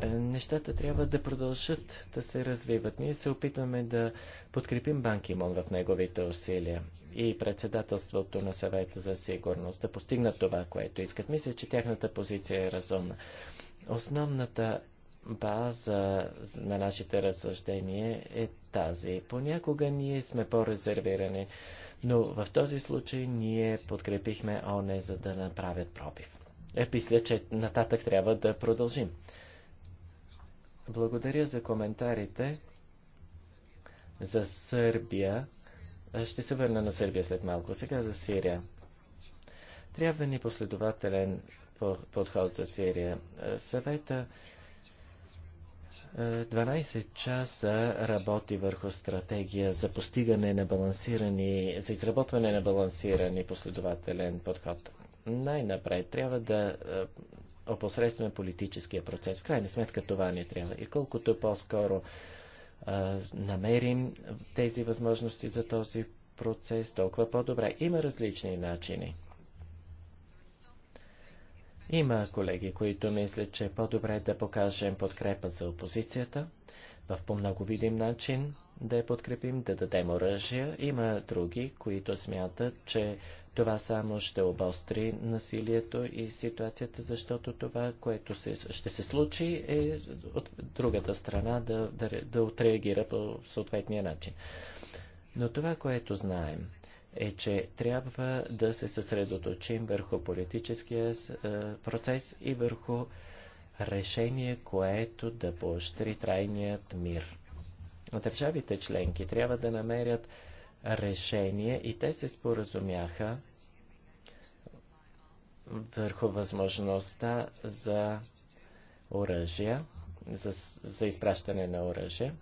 Е, нещата трябва да продължат да се развиват. Ние се опитваме да подкрепим Банкимон в неговите усилия и председателството на съвета за сигурност да постигнат това, което искат. Мисля, че тяхната позиция е разумна. Основната база на нашите разсъждения е тази. Понякога ние сме по-резервирани, но в този случай ние подкрепихме ОНЕ, за да направят пробив. Е, мисля, че нататък трябва да продължим. Благодаря за коментарите за Сърбия. Ще се върна на Сърбия след малко. Сега за Сирия. Трябва ни последователен подход за Сирия. Е, съвета 12 е, часа работи върху стратегия за постигане на балансирани, за изработване на балансирани последователен подход. Най-напред трябва да е, опосредстваме политическия процес. В крайна сметка това не трябва. И колкото по-скоро намерим тези възможности за този процес, толкова по-добре. Има различни начини. Има колеги, които мислят, че е по-добре да покажем подкрепа за опозицията, в по-много видим начин да я подкрепим, да дадем оръжия. Има други, които смятат, че това само ще обостри насилието и ситуацията, защото това, което се, ще се случи, е от другата страна да, да, да отреагира по съответния начин. Но това, което знаем, е, че трябва да се съсредоточим върху политическия е, процес и върху решение, което да поощри трайният мир. Държавите членки трябва да намерят решение и те се споразумяха върху възможността за оръжия, за, за изпращане на оръжия.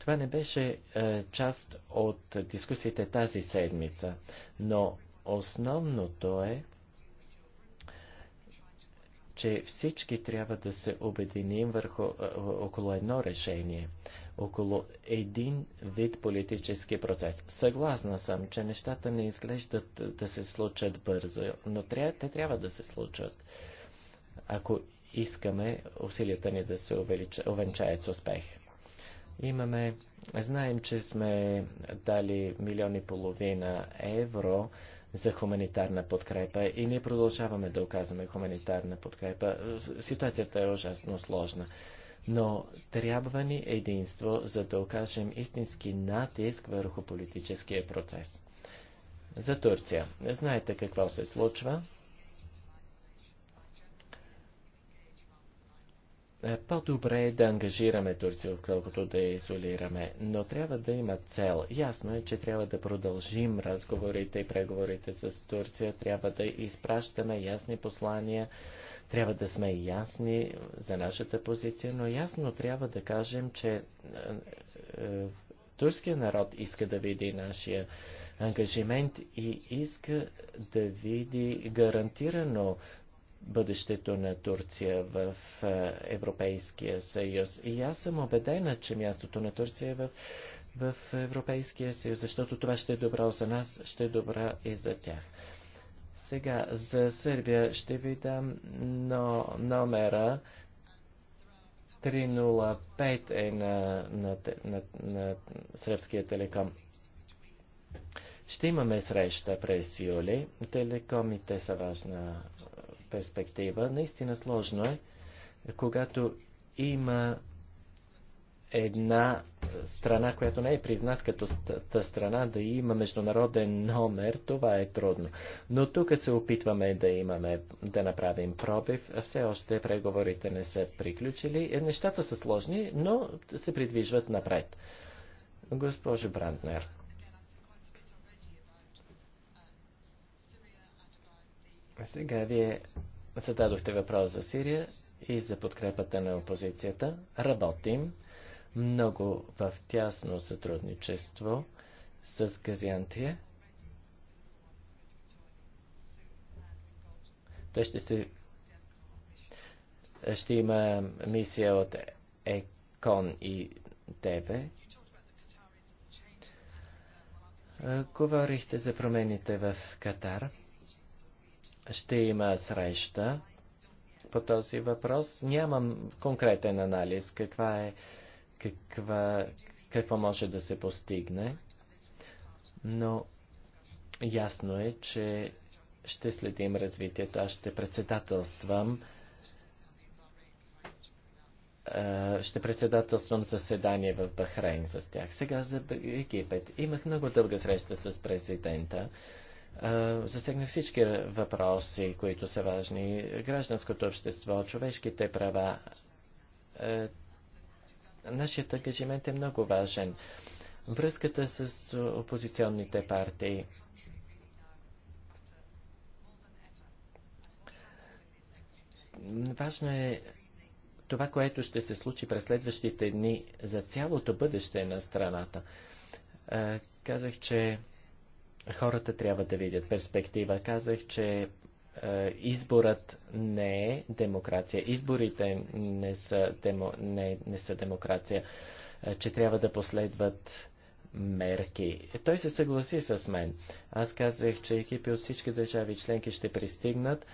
Това не беше е, част от дискусиите тази седмица, но основното е, че всички трябва да се обединим върху, е, около едно решение, около един вид политически процес. Съгласна съм, че нещата не изглеждат да се случат бързо, но трябва, те трябва да се случат. Ако искаме усилията ни да се увенчаят с успех. Имаме, знаем, че сме дали милиони и половина евро за хуманитарна подкрепа и ние продължаваме да оказваме хуманитарна подкрепа. Ситуацията е ужасно сложна. Но трябва ни единство, за да окажем истински натиск върху политическия процес. За Турция. Знаете какво се случва? Е, по-добре е да ангажираме Турция, отколкото да я изолираме, но трябва да има цел. Ясно е, че трябва да продължим разговорите и преговорите с Турция, трябва да изпращаме ясни послания, трябва да сме ясни за нашата позиция, но ясно трябва да кажем, че е, е, турския народ иска да види нашия ангажимент и иска да види гарантирано бъдещето на Турция в Европейския съюз. И аз съм убедена, че мястото на Турция е в, в Европейския съюз, защото това ще е добро за нас, ще е добра и за тях. Сега за Сърбия ще ви дам но, номера 305 е на, на, на, на сръбския телеком. Ще имаме среща през юли. Телекомите са важна перспектива. Наистина сложно е, когато има една страна, която не е признат като та страна, да има международен номер, това е трудно. Но тук се опитваме да имаме, да направим пробив. Все още преговорите не са приключили. Е, нещата са сложни, но се придвижват напред. Госпожо Бранднер. Сега вие зададохте въпрос за Сирия и за подкрепата на опозицията. Работим много в тясно сътрудничество с Газиантия. Той ще се... Ще има мисия от ЕКОН и ТВ. Говорихте за промените в Катар ще има среща по този въпрос. Нямам конкретен анализ каква е, каква, какво може да се постигне, но ясно е, че ще следим развитието. Аз ще председателствам ще председателствам заседание в Бахрейн с тях. Сега за Египет. Имах много дълга среща с президента. Е, засегна всички въпроси, които са важни. Гражданското общество, човешките права. Е, нашият ангажимент е много важен. Връзката с опозиционните партии. Важно е това, което ще се случи през следващите дни за цялото бъдеще на страната. Е, казах, че хората трябва да видят перспектива. Казах, че е, изборът не е демокрация. Изборите не са, демо, не, не са демокрация, е, че трябва да последват мерки. Той се съгласи с мен. Аз казах, че екипи от всички държави членки ще пристигнат.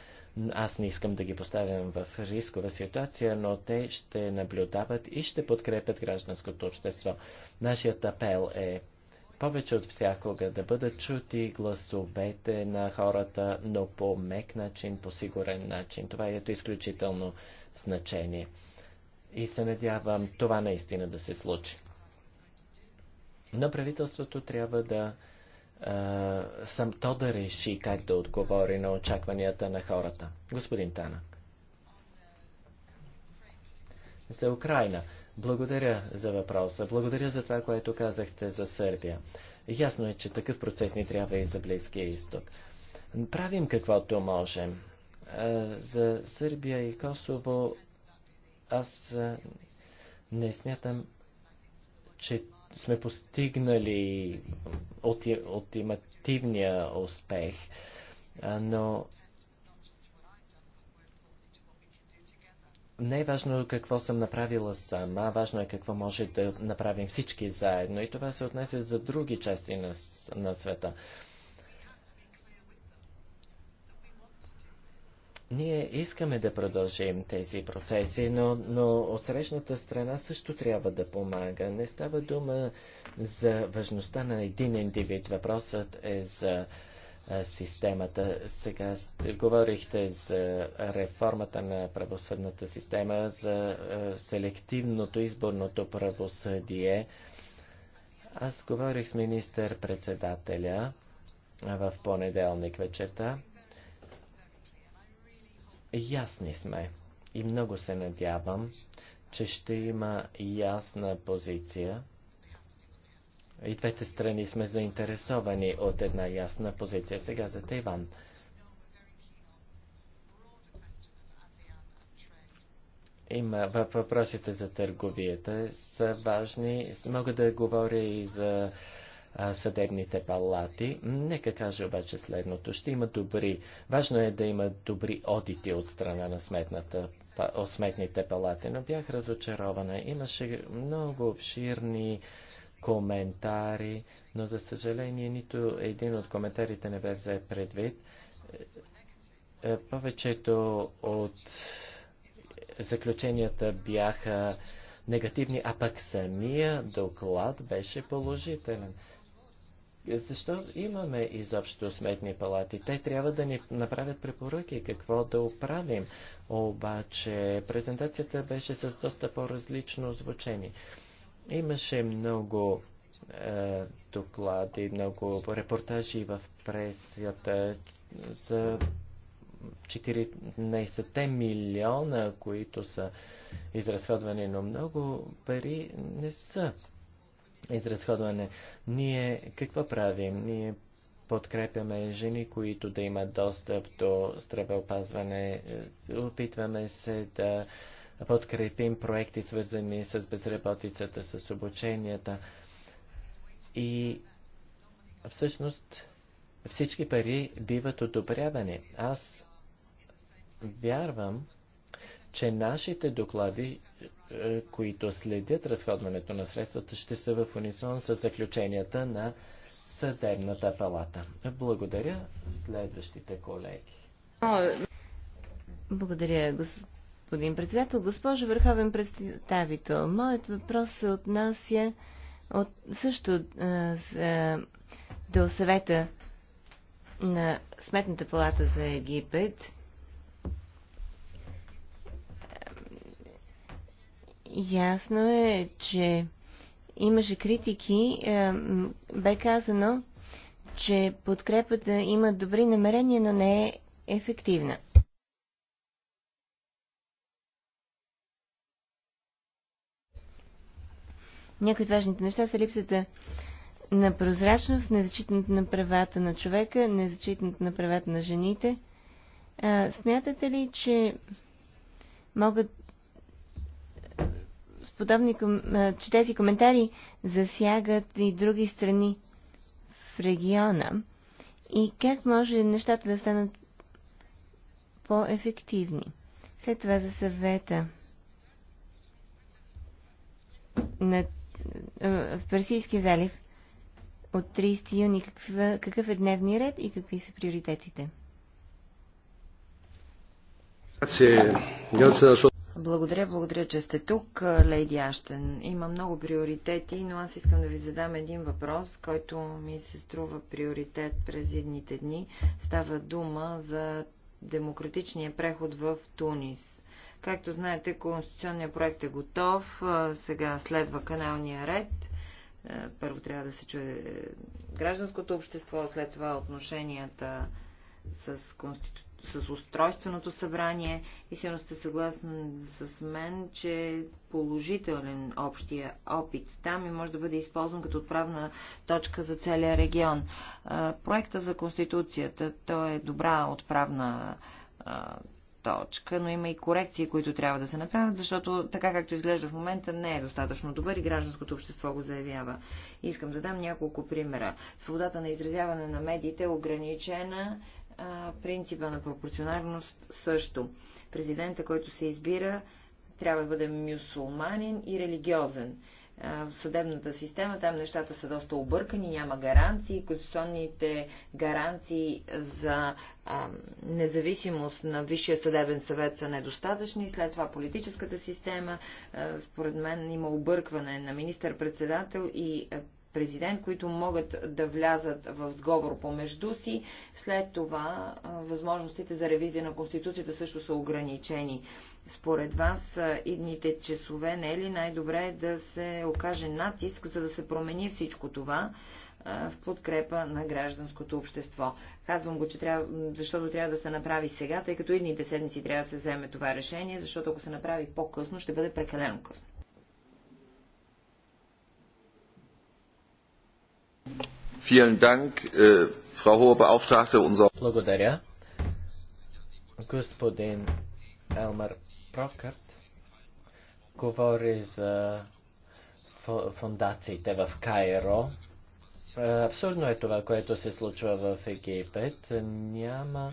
Аз не искам да ги поставям в рискова ситуация, но те ще наблюдават и ще подкрепят гражданското общество. Нашият апел е повече от всякога да бъдат чути гласовете на хората, но по мек начин, по сигурен начин. Това е изключително значение. И се надявам това наистина да се случи. Но правителството трябва да а, сам то да реши как да отговори на очакванията на хората. Господин Танък. За Украина. Благодаря за въпроса. Благодаря за това, което казахте за Сърбия. Ясно е, че такъв процес ни трябва и за Близкия изток. Правим каквото можем. За Сърбия и Косово аз не смятам, че сме постигнали ултимативния успех, но не е важно какво съм направила сама, важно е какво може да направим всички заедно. И това се отнесе за други части на, на света. Ние искаме да продължим тези процеси, но, но срещната страна също трябва да помага. Не става дума за важността на един индивид. Въпросът е за системата. Сега говорихте за реформата на правосъдната система, за селективното изборното правосъдие. Аз говорих с министър-председателя в понеделник вечерта. Ясни сме и много се надявам, че ще има ясна позиция и двете страни сме заинтересовани от една ясна позиция. Сега за Тайван. Има въпросите за търговията са важни. Мога да говоря и за съдебните палати. Нека кажа обаче следното. Ще има добри. Важно е да има добри одити от страна на сметната, сметните палати, но бях разочарована. Имаше много обширни коментари, но за съжаление нито един от коментарите не бе взе предвид. Е, повечето от заключенията бяха негативни, а пък самия доклад беше положителен. Защо имаме изобщо сметни палати? Те трябва да ни направят препоръки какво да оправим. Обаче презентацията беше с доста по-различно звучение. Имаше много е, доклади, много репортажи в пресията за 14 милиона, които са изразходвани, но много пари не са изразходване. Ние какво правим? Ние подкрепяме жени, които да имат достъп до здравеопазване. Е, опитваме се да подкрепим проекти, свързани с безработицата, с обученията. И всъщност всички пари биват одобрявани. Аз вярвам, че нашите доклади, е, които следят разходването на средствата, ще са в унисон с заключенията на Съдебната палата. Благодаря следващите колеги. Благодаря, господин господин председател. Госпожо Върховен представител, моят въпрос се отнася от, също а, за, до съвета на Сметната палата за Египет. Ясно е, че имаше критики. бе казано, че подкрепата има добри намерения, но не е ефективна. Някои от важните неща са липсата на прозрачност, незачитането на правата на човека, незачитането на правата на жените. А, смятате ли, че могат с подобни, че тези коментари засягат и други страни в региона? И как може нещата да станат по-ефективни? След това за съвета на е, в Персийския залив от 30 юни. Какъв, какъв е дневния ред и какви са приоритетите? Благодаря, благодаря, че сте тук, Лейди Аштен. Има много приоритети, но аз искам да ви задам един въпрос, който ми се струва приоритет през едните дни. Става дума за демократичния преход в Тунис. Както знаете, конституционният проект е готов. Сега следва каналния ред. Първо трябва да се чуе гражданското общество, след това отношенията с, конститу... с устройственото събрание. И сигурно сте съгласни с мен, че положителен общия опит там и може да бъде използван като отправна точка за целия регион. Проекта за Конституцията, то е добра отправна точка, но има и корекции, които трябва да се направят, защото така както изглежда в момента не е достатъчно добър и гражданското общество го заявява. Искам да дам няколко примера. Свободата на изразяване на медиите е ограничена, принципа на пропорционарност също. Президента, който се избира, трябва да бъде мюсулманин и религиозен в съдебната система, там нещата са доста объркани, няма гаранции. Конституционните гаранции за а, независимост на Висшия съдебен съвет са недостатъчни. След това политическата система, а, според мен, има объркване на министър-председател и президент, които могат да влязат в сговор помежду си. След това а, възможностите за ревизия на Конституцията също са ограничени. Според вас идните часове не е ли най-добре да се окаже натиск, за да се промени всичко това в подкрепа на гражданското общество? Казвам го, че трябва, защото трябва да се направи сега, тъй като идните седмици трябва да се вземе това решение, защото ако се направи по-късно, ще бъде прекалено късно. Äh, Благодаря. Господин Елмар Прокърт говори за фундациите в Кайро. Абсурдно е това, което се случва в Египет. Няма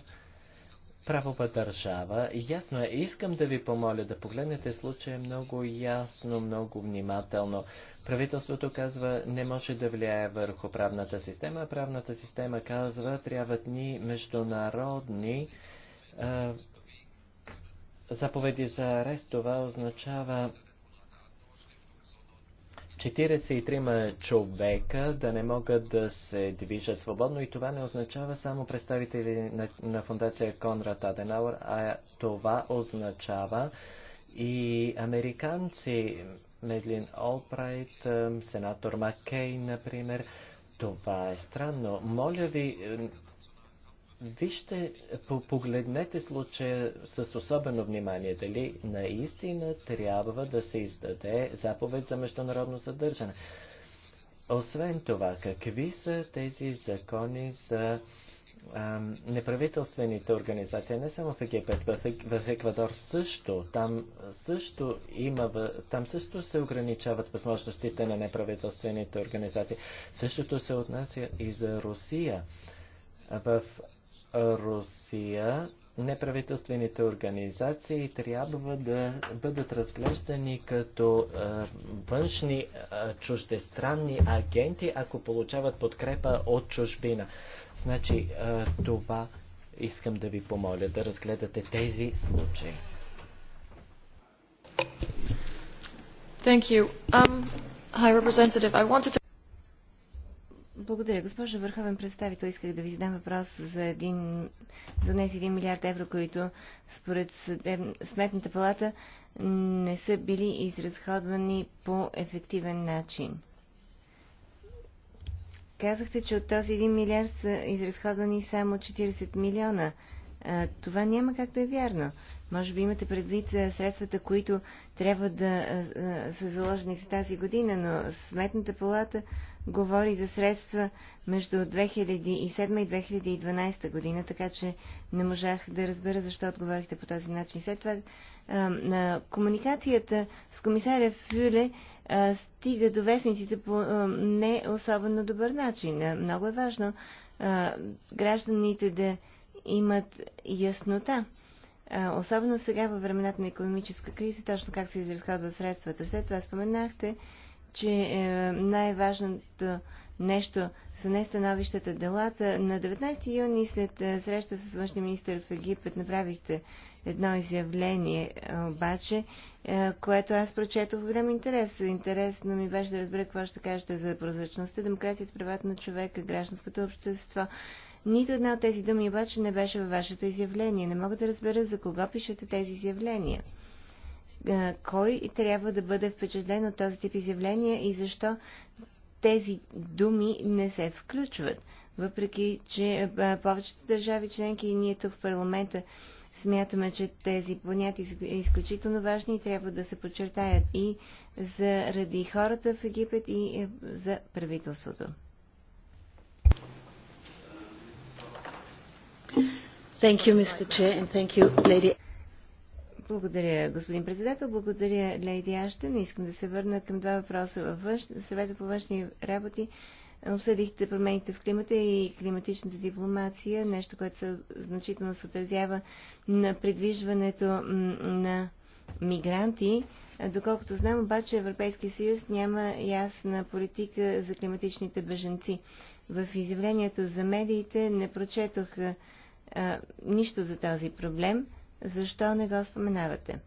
правова държава. Ясно е, искам да ви помоля да погледнете случая много ясно, много внимателно. Правителството казва, не може да влияе върху правната система, правната система казва, трябват ни международни заповеди за арест, това означава 43 човека да не могат да се движат свободно и това не означава само представители на, на фундация Конрад Аденауер, а това означава и американци, Медлин Олбрайт, сенатор Маккей, например. Това е странно. Моля ви, Вижте, погледнете случая с особено внимание, дали наистина трябва да се издаде заповед за международно задържане. Освен това, какви са тези закони за ам, неправителствените организации, не само в Египет, в, в Еквадор също, там също има, там също се ограничават възможностите на неправителствените организации. Същото се отнася и за Русия. В Русия, неправителствените организации трябва да бъдат разглеждани като е, външни е, чуждестранни агенти, ако получават подкрепа от чужбина. Значи е, това искам да ви помоля да разгледате тези случаи. Thank you. Um, high representative, I wanted to благодаря, госпожа Върховен представител. Исках да ви задам въпрос за, един, за днес 1 милиард евро, които според Сметната палата не са били изразходвани по ефективен начин. Казахте, че от този 1 милиард са изразходвани само 40 милиона. това няма как да е вярно. Може би имате предвид средствата, които трябва да са заложени за тази година, но Сметната палата говори за средства между 2007 и 2012 година, така че не можах да разбера защо отговорихте по този начин. След това на комуникацията с комисаря Фюле стига до вестниците по не особено добър начин. много е важно гражданите да имат яснота. особено сега във времената на економическа криза, точно как се изразходват средствата. След това споменахте, че е, най-важното нещо са не становищата делата. На 19 юни след е, среща с външния министр в Египет направихте едно изявление, е, обаче, което аз прочетох с голям интерес. Интересно ми беше да разбера какво ще кажете за прозрачността, демокрацията, правата на човека, гражданското общество. Нито една от тези думи обаче не беше във вашето изявление. Не мога да разбера за кого пишете тези изявления кой трябва да бъде впечатлен от този тип изявления и защо тези думи не се включват. Въпреки, че повечето държави членки и ние тук в парламента смятаме, че тези понятия са изключително важни и трябва да се подчертаят и заради хората в Египет и за правителството. Thank you, Mr. Chair, and thank you, lady. Благодаря, господин председател. Благодаря, Лейди Аштен. Искам да се върна към два въпроса. Във външ... съвета по външни работи обсъдихте промените в климата и климатичната дипломация, нещо, което се значително се отразява на придвижването на мигранти. Доколкото знам, обаче Европейския съюз няма ясна политика за климатичните беженци. В изявлението за медиите не прочетох а, нищо за този проблем – защо не го споменавате?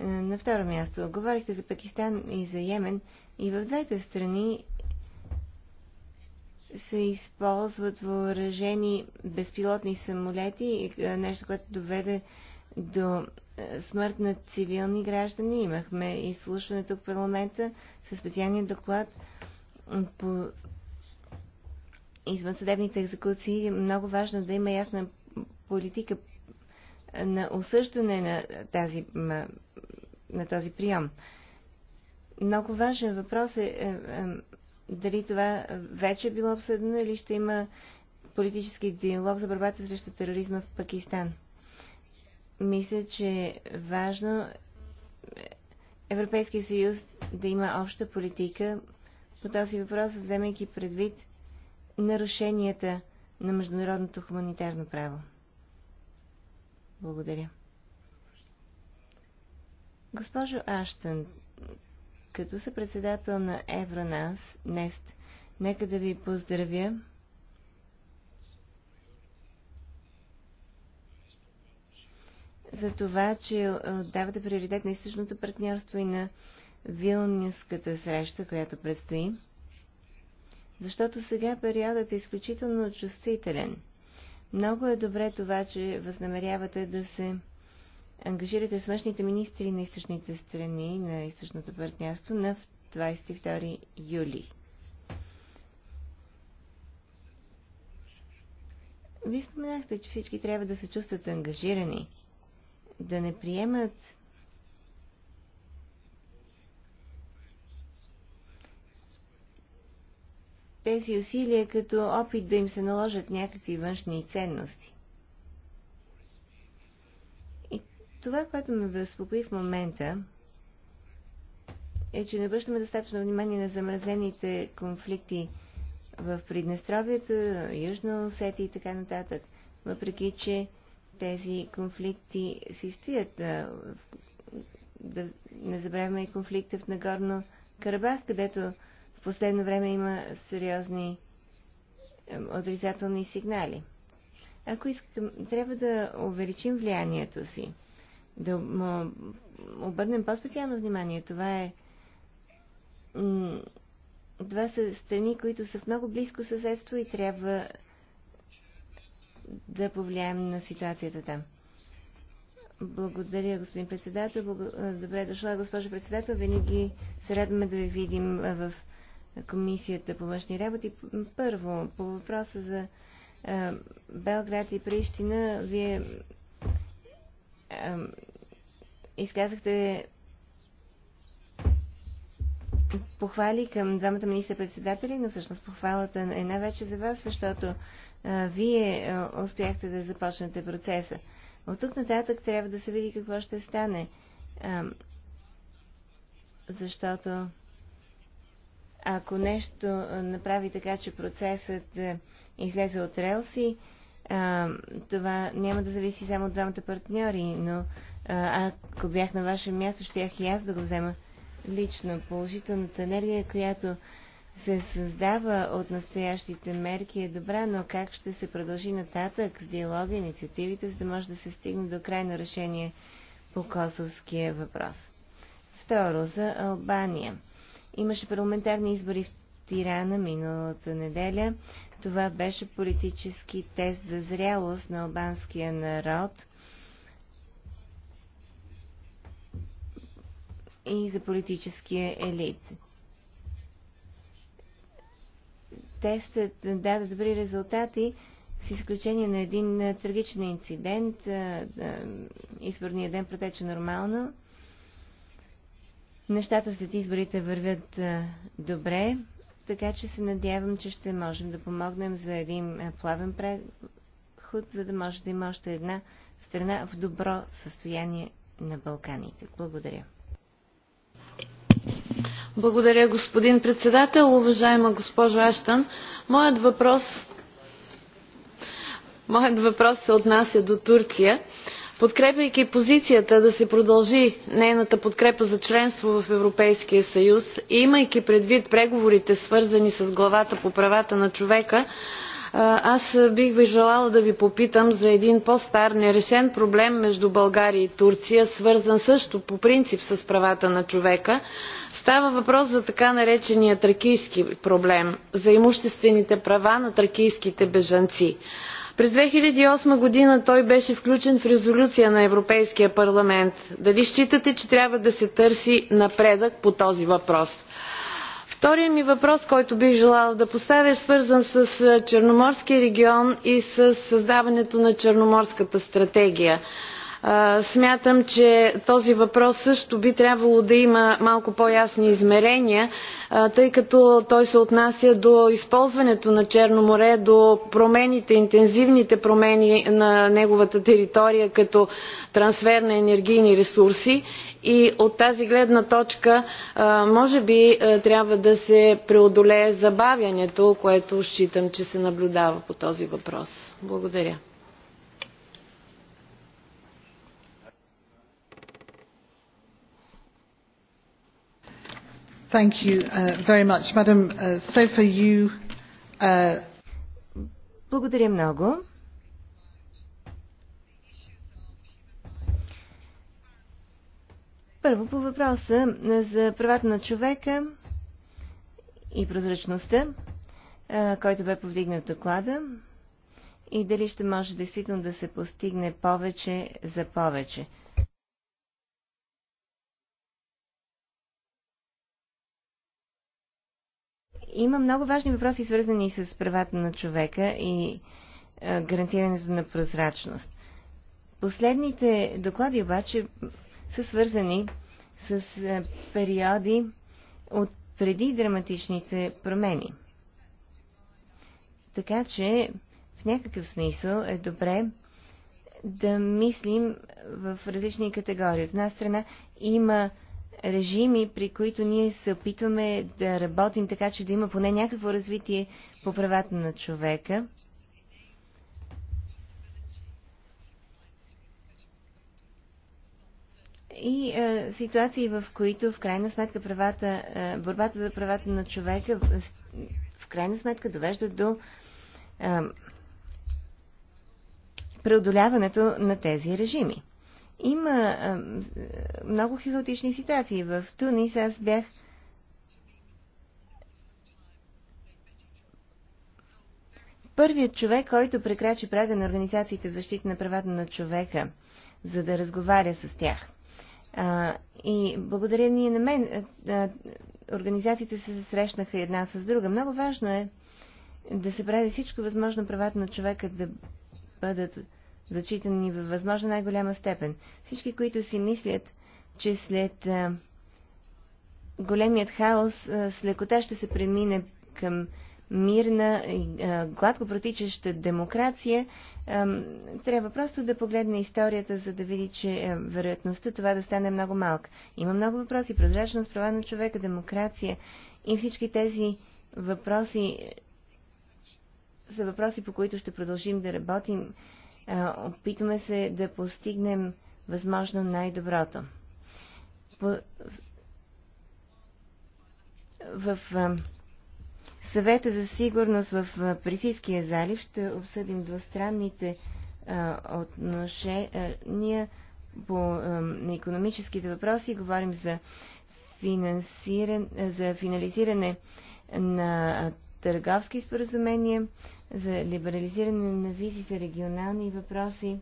Е, на второ място, говорихте за Пакистан и за Йемен и в двете страни се използват въоръжени безпилотни самолети, е, нещо, което доведе до е, смърт на цивилни граждани. Имахме изслушването в парламента със специалния доклад по извънсъдебните екзекуции. Много важно да има ясна политика на осъждане на, тази, на този прием. Много важен въпрос е, е, е дали това вече е било обсъдено или ще има политически диалог за борбата срещу тероризма в Пакистан. Мисля, че е важно Европейския съюз да има обща политика по този въпрос, вземайки предвид нарушенията на международното хуманитарно право. Благодаря. Госпожо Аштън, като се председател на Евронас, Нест, нека да ви поздравя за това, че давате приоритет на източното партньорство и на Вилнюската среща, която предстои. Защото сега периодът е изключително чувствителен. Много е добре това, че възнамерявате да се ангажирате с външните министри на източните страни, на източното партньорство на 22 юли. Вие споменахте, че всички трябва да се чувстват ангажирани, да не приемат тези усилия като опит да им се наложат някакви външни ценности. И това, което ме безпокои в момента, е, че не обръщаме достатъчно внимание на замразените конфликти в Приднестровието, Южна Осетия и така нататък. Въпреки, че тези конфликти си стоят. Да, да не забравяме и конфликта в Нагорно Карабах, където в последно време има сериозни отрицателни сигнали. Ако искам, трябва да увеличим влиянието си, да обърнем по-специално внимание. Това е това са страни, които са в много близко съседство и трябва да повлияем на ситуацията там. Благодаря, господин председател. Добре дошла, госпожа председател. Винаги се радваме да ви видим е, в Комисията по външни работи. Първо, по въпроса за а, Белград и Прищина, вие а, изказахте похвали към двамата министър-председатели, но всъщност похвалата е най-вече за вас, защото а, вие а, успяхте да започнете процеса. От тук нататък трябва да се види какво ще стане, а, защото ако нещо направи така, че процесът излезе от релси, а, това няма да зависи само от двамата партньори, но а, ако бях на ваше място, ще ях и аз да го взема лично. Положителната енергия, която се създава от настоящите мерки е добра, но как ще се продължи нататък с диалога, инициативите, за да може да се стигне до крайно решение по косовския въпрос. Второ, за Албания. Имаше парламентарни избори в Тирана миналата неделя. Това беше политически тест за зрялост на албанския народ и за политическия елит. Тестът даде добри резултати, с изключение на един трагичен инцидент. Изборният ден протече нормално Нещата след изборите вървят добре, така че се надявам, че ще можем да помогнем за един плавен преход, за да може да има още една страна в добро състояние на Балканите. Благодаря. Благодаря, господин председател. Уважаема госпожо Аштан, моят въпрос, моят въпрос се отнася до Турция подкрепяйки позицията да се продължи нейната подкрепа за членство в европейския съюз и имайки предвид преговорите свързани с главата по правата на човека аз бих ви желала да ви попитам за един по стар нерешен проблем между България и Турция, свързан също по принцип с правата на човека, Става въпрос за така наречения тракийски проблем, за имуществените права на тракийските бежанци. През 2008 година той беше включен в резолюция на Европейския парламент. Дали считате, че трябва да се търси напредък по този въпрос? Вторият ми въпрос, който бих желала да поставя, е свързан с Черноморския регион и с създаването на Черноморската стратегия смятам че този въпрос също би трябвало да има малко по ясни измерения тъй като той се отнася до използването на черно море до промените интензивните промени на неговата територия като трансфер на енергийни ресурси и от тази гледна точка може би трябва да се преодолее забавянето което считам че се наблюдава по този въпрос. благодаря. Thank you uh, very much. Madam uh, Sofa, you... Uh, Благодаря много. Първо по въпроса за правата на човека и прозрачността, който бе повдигнат доклада и дали ще може действително да се постигне повече за повече. Има много важни въпроси, свързани с правата на човека и гарантирането на прозрачност. Последните доклади обаче са свързани с периоди от преди драматичните промени. Така че в някакъв смисъл е добре да мислим в различни категории. От една страна има режими, при които ние се опитваме да работим така, че да има поне някакво развитие по правата на човека. И е, ситуации, в които в крайна сметка правата, е, борбата за правата на човека в крайна сметка довежда до е, преодоляването на тези режими. Има много хизотични ситуации. В Тунис аз бях първият човек, който прекрачи прага на организациите в защита на правата на човека, за да разговаря с тях. А, и благодарение на мен, а, организациите се срещнаха една с друга. Много важно е да се прави всичко възможно правата на човека да бъдат зачитани във възможно най-голяма степен. Всички, които си мислят, че след а, големият хаос а, с лекота ще се премине към мирна и гладко протичаща демокрация, а, трябва просто да погледне историята, за да види, че а, вероятността това да стане много малка. Има много въпроси. Прозрачност, права на човека, демокрация и всички тези въпроси са въпроси, по които ще продължим да работим е, опитваме се да постигнем възможно най-доброто. В е, съвета за сигурност в е, Пресийския залив ще обсъдим двустранните отношения по економическите въпроси. Говорим за, за финализиране на търговски споразумения, за либерализиране на визи за регионални въпроси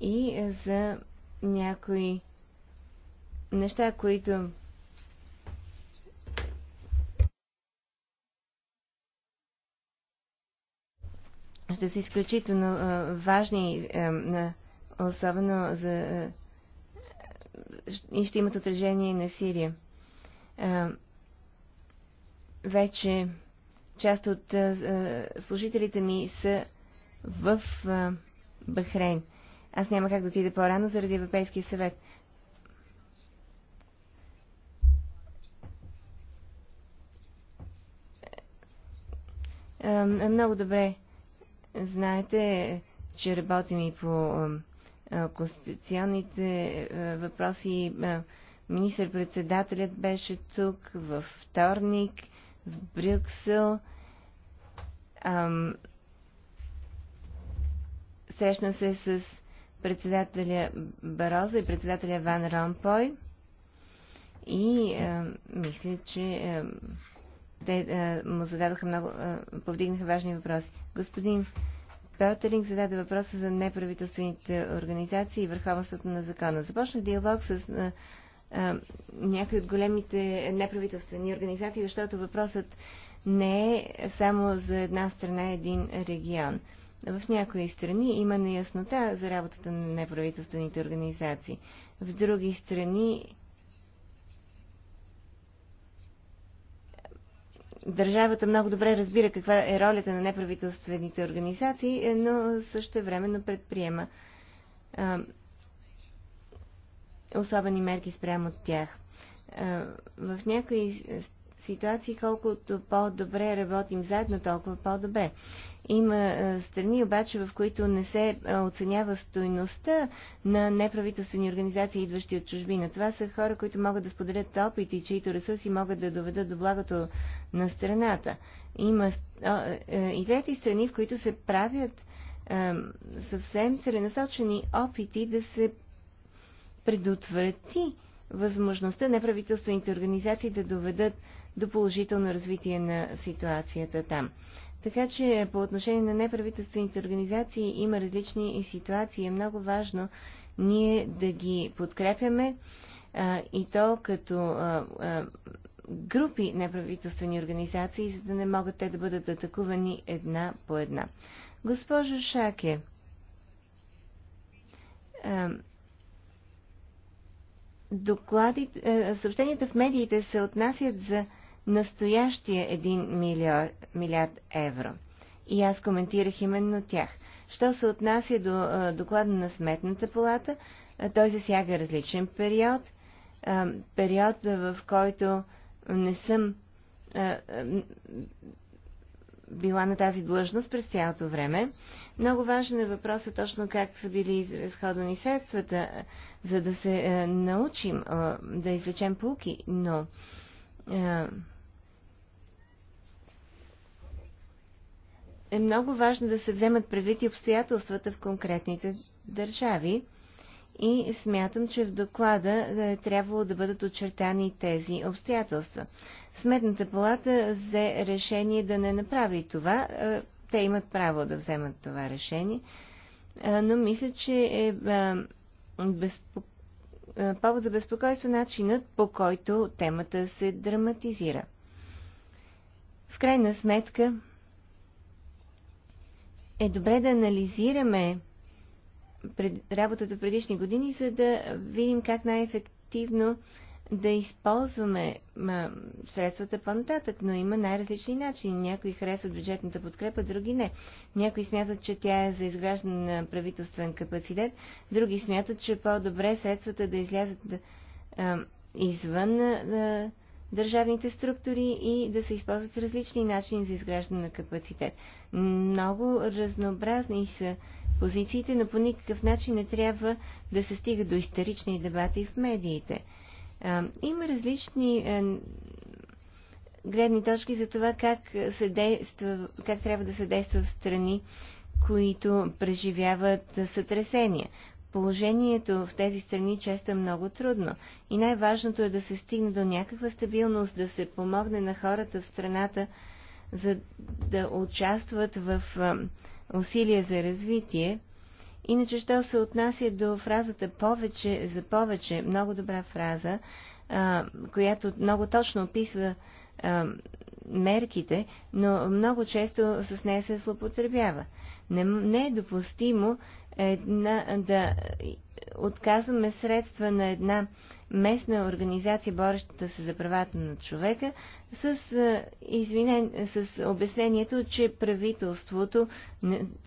и е, за някои неща, които ще са изключително а, е, важни, е, а, особено за. А, и ще имат отражение на Сирия. А, вече част от а, служителите ми са в а, Бахрейн. Аз няма как да отида по-рано заради Европейския съвет. А, много добре знаете, че работим и по а, конституционните а, въпроси. Министър-председателят беше тук във вторник – в Брюксел. Ам... Срещна се с председателя Барозо и председателя Ван Ромпой. И а, мисля, че а, те а, му зададоха много, а, повдигнаха важни въпроси. Господин Пелтеринг зададе въпроса за неправителствените организации и върховенството на закона. Започна диалог с а, някои от големите неправителствени организации, защото въпросът не е само за една страна, един регион. В някои страни има неяснота за работата на неправителствените организации. В други страни държавата много добре разбира каква е ролята на неправителствените организации, но също времено предприема особени мерки спрямо от тях. В някои ситуации, колкото по-добре работим заедно, толкова по-добре. Има страни обаче, в които не се оценява стойността на неправителствени организации, идващи от чужбина. Това са хора, които могат да споделят опит и чието ресурси могат да доведат до благото на страната. Има и трети страни, в които се правят съвсем целенасочени опити да се предотврати възможността неправителствените организации да доведат до положително развитие на ситуацията там. Така че по отношение на неправителствените организации има различни ситуации. Е много важно ние да ги подкрепяме а, и то като а, а, групи неправителствени организации, за да не могат те да бъдат атакувани една по една. Госпожо Шаке, докладите, е, съобщенията в медиите се отнасят за настоящия 1 милиар, милиард евро. И аз коментирах именно тях. Що се отнася до е, доклада на Сметната палата, е, той засяга различен период. Период, в който не съм била на тази длъжност през цялото време. Много важен е въпросът точно как са били изразходвани средствата, за да се е, научим е, да извлечем полки, но е, е много важно да се вземат предвид и обстоятелствата в конкретните държави. И смятам, че в доклада е трябвало да бъдат очертани тези обстоятелства. Сметната палата взе решение да не направи това, те имат право да вземат това решение. Но мисля, че е безпокойно повод за безпокойство начинът по който темата се драматизира. В крайна сметка е добре да анализираме пред, работата в предишни години, за да видим как най-ефективно да използваме а, средствата по-нататък, но има най-различни начини. Някои харесват бюджетната подкрепа, други не. Някои смятат, че тя е за изграждане на правителствен капацитет, други смятат, че е по-добре средствата да излязат а, извън а, държавните структури и да се използват различни начини за изграждане на капацитет. Много разнообразни са позициите, но по никакъв начин не трябва да се стига до истерични дебати в медиите. Има различни е, гледни точки за това как, се действа, как трябва да се действа в страни, които преживяват сътресения. Положението в тези страни често е много трудно и най-важното е да се стигне до някаква стабилност, да се помогне на хората в страната, за да участват в е, усилия за развитие Иначе, що се отнася до фразата повече за повече, много добра фраза, а, която много точно описва а, мерките, но много често с нея се злопотребява. Не, не е допустимо една, да отказваме средства на една местна организация, борещата се за правата на човека, с, извинен, с обяснението, че правителството,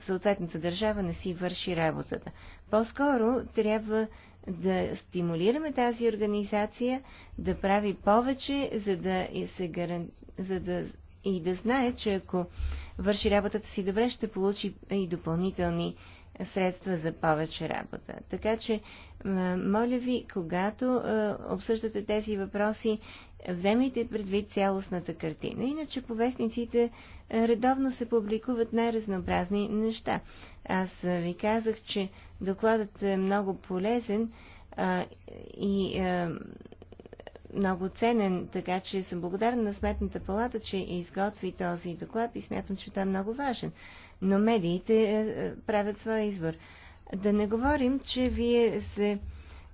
съответната държава, не си върши работата. По-скоро трябва да стимулираме тази организация да прави повече, за да се гаран... за да... и да знае, че ако върши работата си добре, ще получи и допълнителни средства за повече работа. Така че, моля ви, когато е, обсъждате тези въпроси, вземайте предвид цялостната картина. Иначе по вестниците е, редовно се публикуват най-разнообразни неща. Аз е, ви казах, че докладът е много полезен и много ценен, така че съм благодарна на Сметната палата, че изготви този доклад и смятам, че той е много важен но медиите е, е, правят своя избор. Да не говорим, че вие се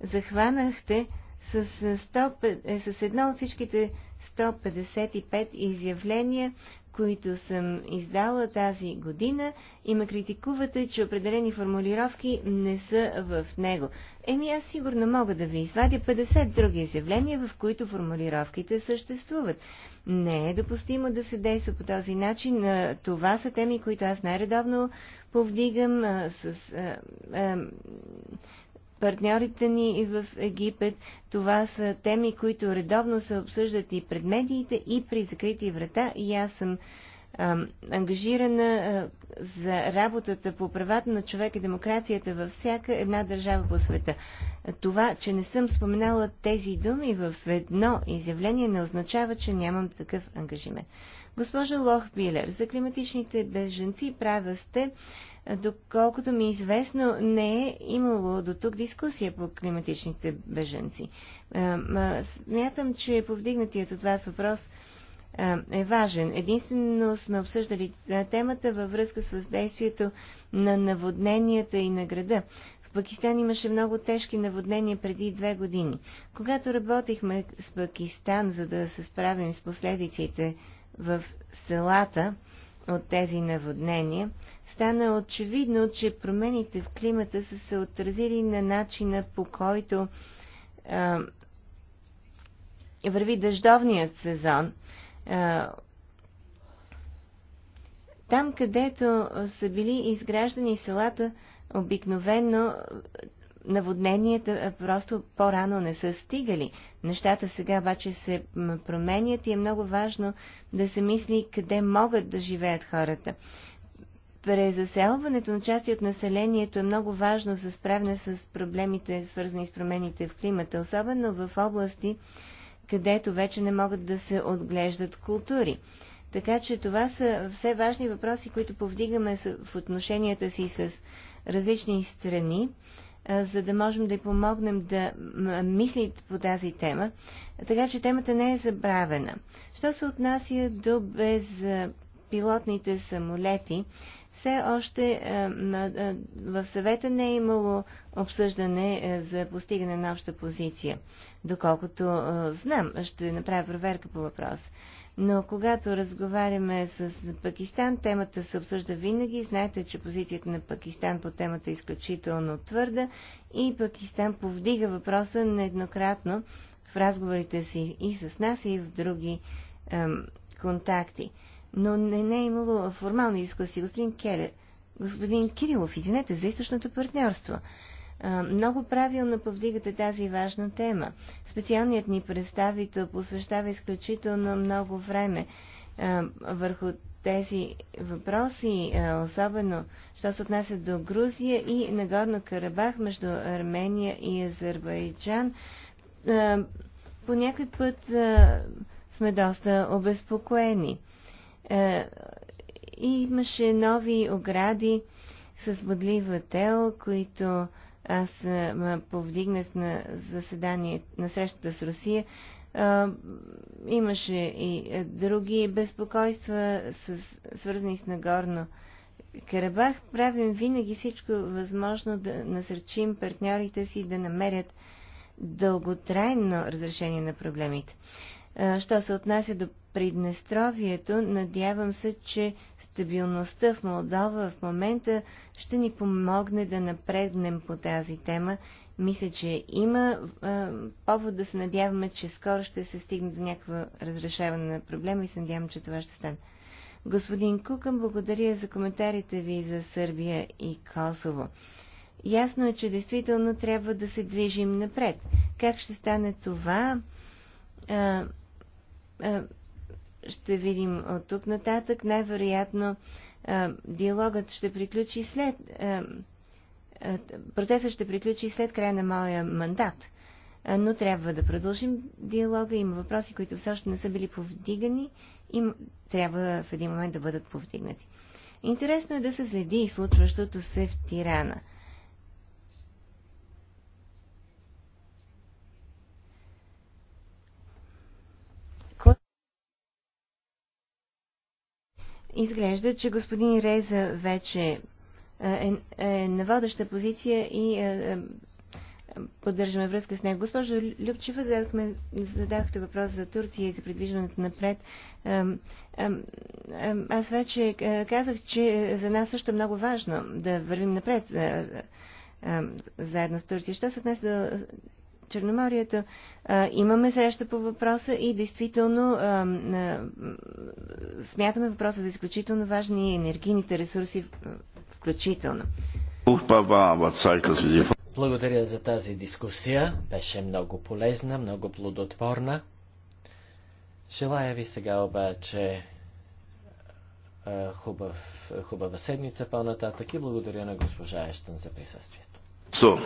захванахте с, 100, е, с едно от всичките 155 изявления, които съм издала тази година и ме критикувате, че определени формулировки не са в него. Еми аз сигурно мога да ви извадя 50 други изявления, в които формулировките съществуват. Не е допустимо да се действа по този начин. Това са теми, които аз най-редовно повдигам с партньорите ни в Египет. Това са теми, които редовно се обсъждат и пред медиите, и при закрити врата. И аз съм а, ангажирана а, за работата по правата на човек и демокрацията във всяка една държава по света. Това, че не съм споменала тези думи в едно изявление, не означава, че нямам такъв ангажимент. Госпожа Билер, за климатичните беженци права сте. Доколкото ми е известно, не е имало до тук дискусия по климатичните беженци. Е, смятам, че повдигнатият от вас въпрос е, е важен. Единствено сме обсъждали е, темата във връзка с въздействието на наводненията и на града. В Пакистан имаше много тежки наводнения преди две години. Когато работихме с Пакистан, за да се справим с последиците в селата от тези наводнения, стана очевидно, че промените в климата са се отразили на начина по който а, върви дъждовният сезон. А, там, където са били изграждани селата, обикновено наводненията просто по-рано не са стигали. Нещата сега обаче се променят и е много важно да се мисли къде могат да живеят хората. Презаселването на части от населението е много важно за справяне с проблемите, свързани с промените в климата, особено в области, където вече не могат да се отглеждат култури. Така че това са все важни въпроси, които повдигаме в отношенията си с различни страни за да можем да й помогнем да мисли по тази тема. Така че темата не е забравена. Що се отнася до безпилотните самолети, все още в съвета не е имало обсъждане за постигане на обща позиция. Доколкото знам, ще направя проверка по въпроса. Но когато разговаряме с Пакистан, темата се обсъжда винаги. Знаете, че позицията на Пакистан по темата е изключително твърда и Пакистан повдига въпроса нееднократно в разговорите си и с нас, и в други ем, контакти. Но не, не е имало формални дискусии. Господин Келе, господин Кирилов, извинете, за източното партньорство. Много правилно повдигате тази важна тема. Специалният ни представител посвещава изключително много време върху тези въпроси, особено, що се отнася до Грузия и Нагорно Карабах между Армения и Азербайджан. По някой път сме доста обезпокоени. Имаше нови огради с бодлива тел, които аз ме повдигнах на заседание на срещата с Русия, имаше и други безпокойства, с, свързани с Нагорно Карабах. Правим винаги всичко възможно да насърчим партньорите си да намерят дълготрайно разрешение на проблемите. Що се отнася до Приднестровието, надявам се, че Стабилността в Молдова в момента ще ни помогне да напреднем по тази тема. Мисля, че има е, повод да се надяваме, че скоро ще се стигне до някаква разрешаване на проблема и се надявам, че това ще стане. Господин Кукъм, благодаря за коментарите ви за Сърбия и Косово. Ясно е, че действително трябва да се движим напред. Как ще стане това? а, ще видим от тук нататък. Най-вероятно диалогът ще приключи след. Процесът ще приключи след края на моя мандат. Но трябва да продължим диалога. Има въпроси, които все още не са били повдигани и трябва в един момент да бъдат повдигнати. Интересно е да се следи случващото се в Тирана – Изглежда, че господин Реза вече е, е, е на водеща позиция и е, е поддържаме връзка с него. Госпожо Любчева, задахме, задахте въпрос за Турция и за придвижването напред. Аз вече е, казах, че за нас също е много важно да вървим напред заедно с Турция. Що се отнесе до Черноморието. А, имаме среща по въпроса и действително а, а, смятаме въпроса за изключително важни и енергийните ресурси включително. Благодаря за тази дискусия. Беше много полезна, много плодотворна. Желая ви сега обаче хубав, хубава седмица по-нататък и благодаря на госпожа Ещен за присъствието. So.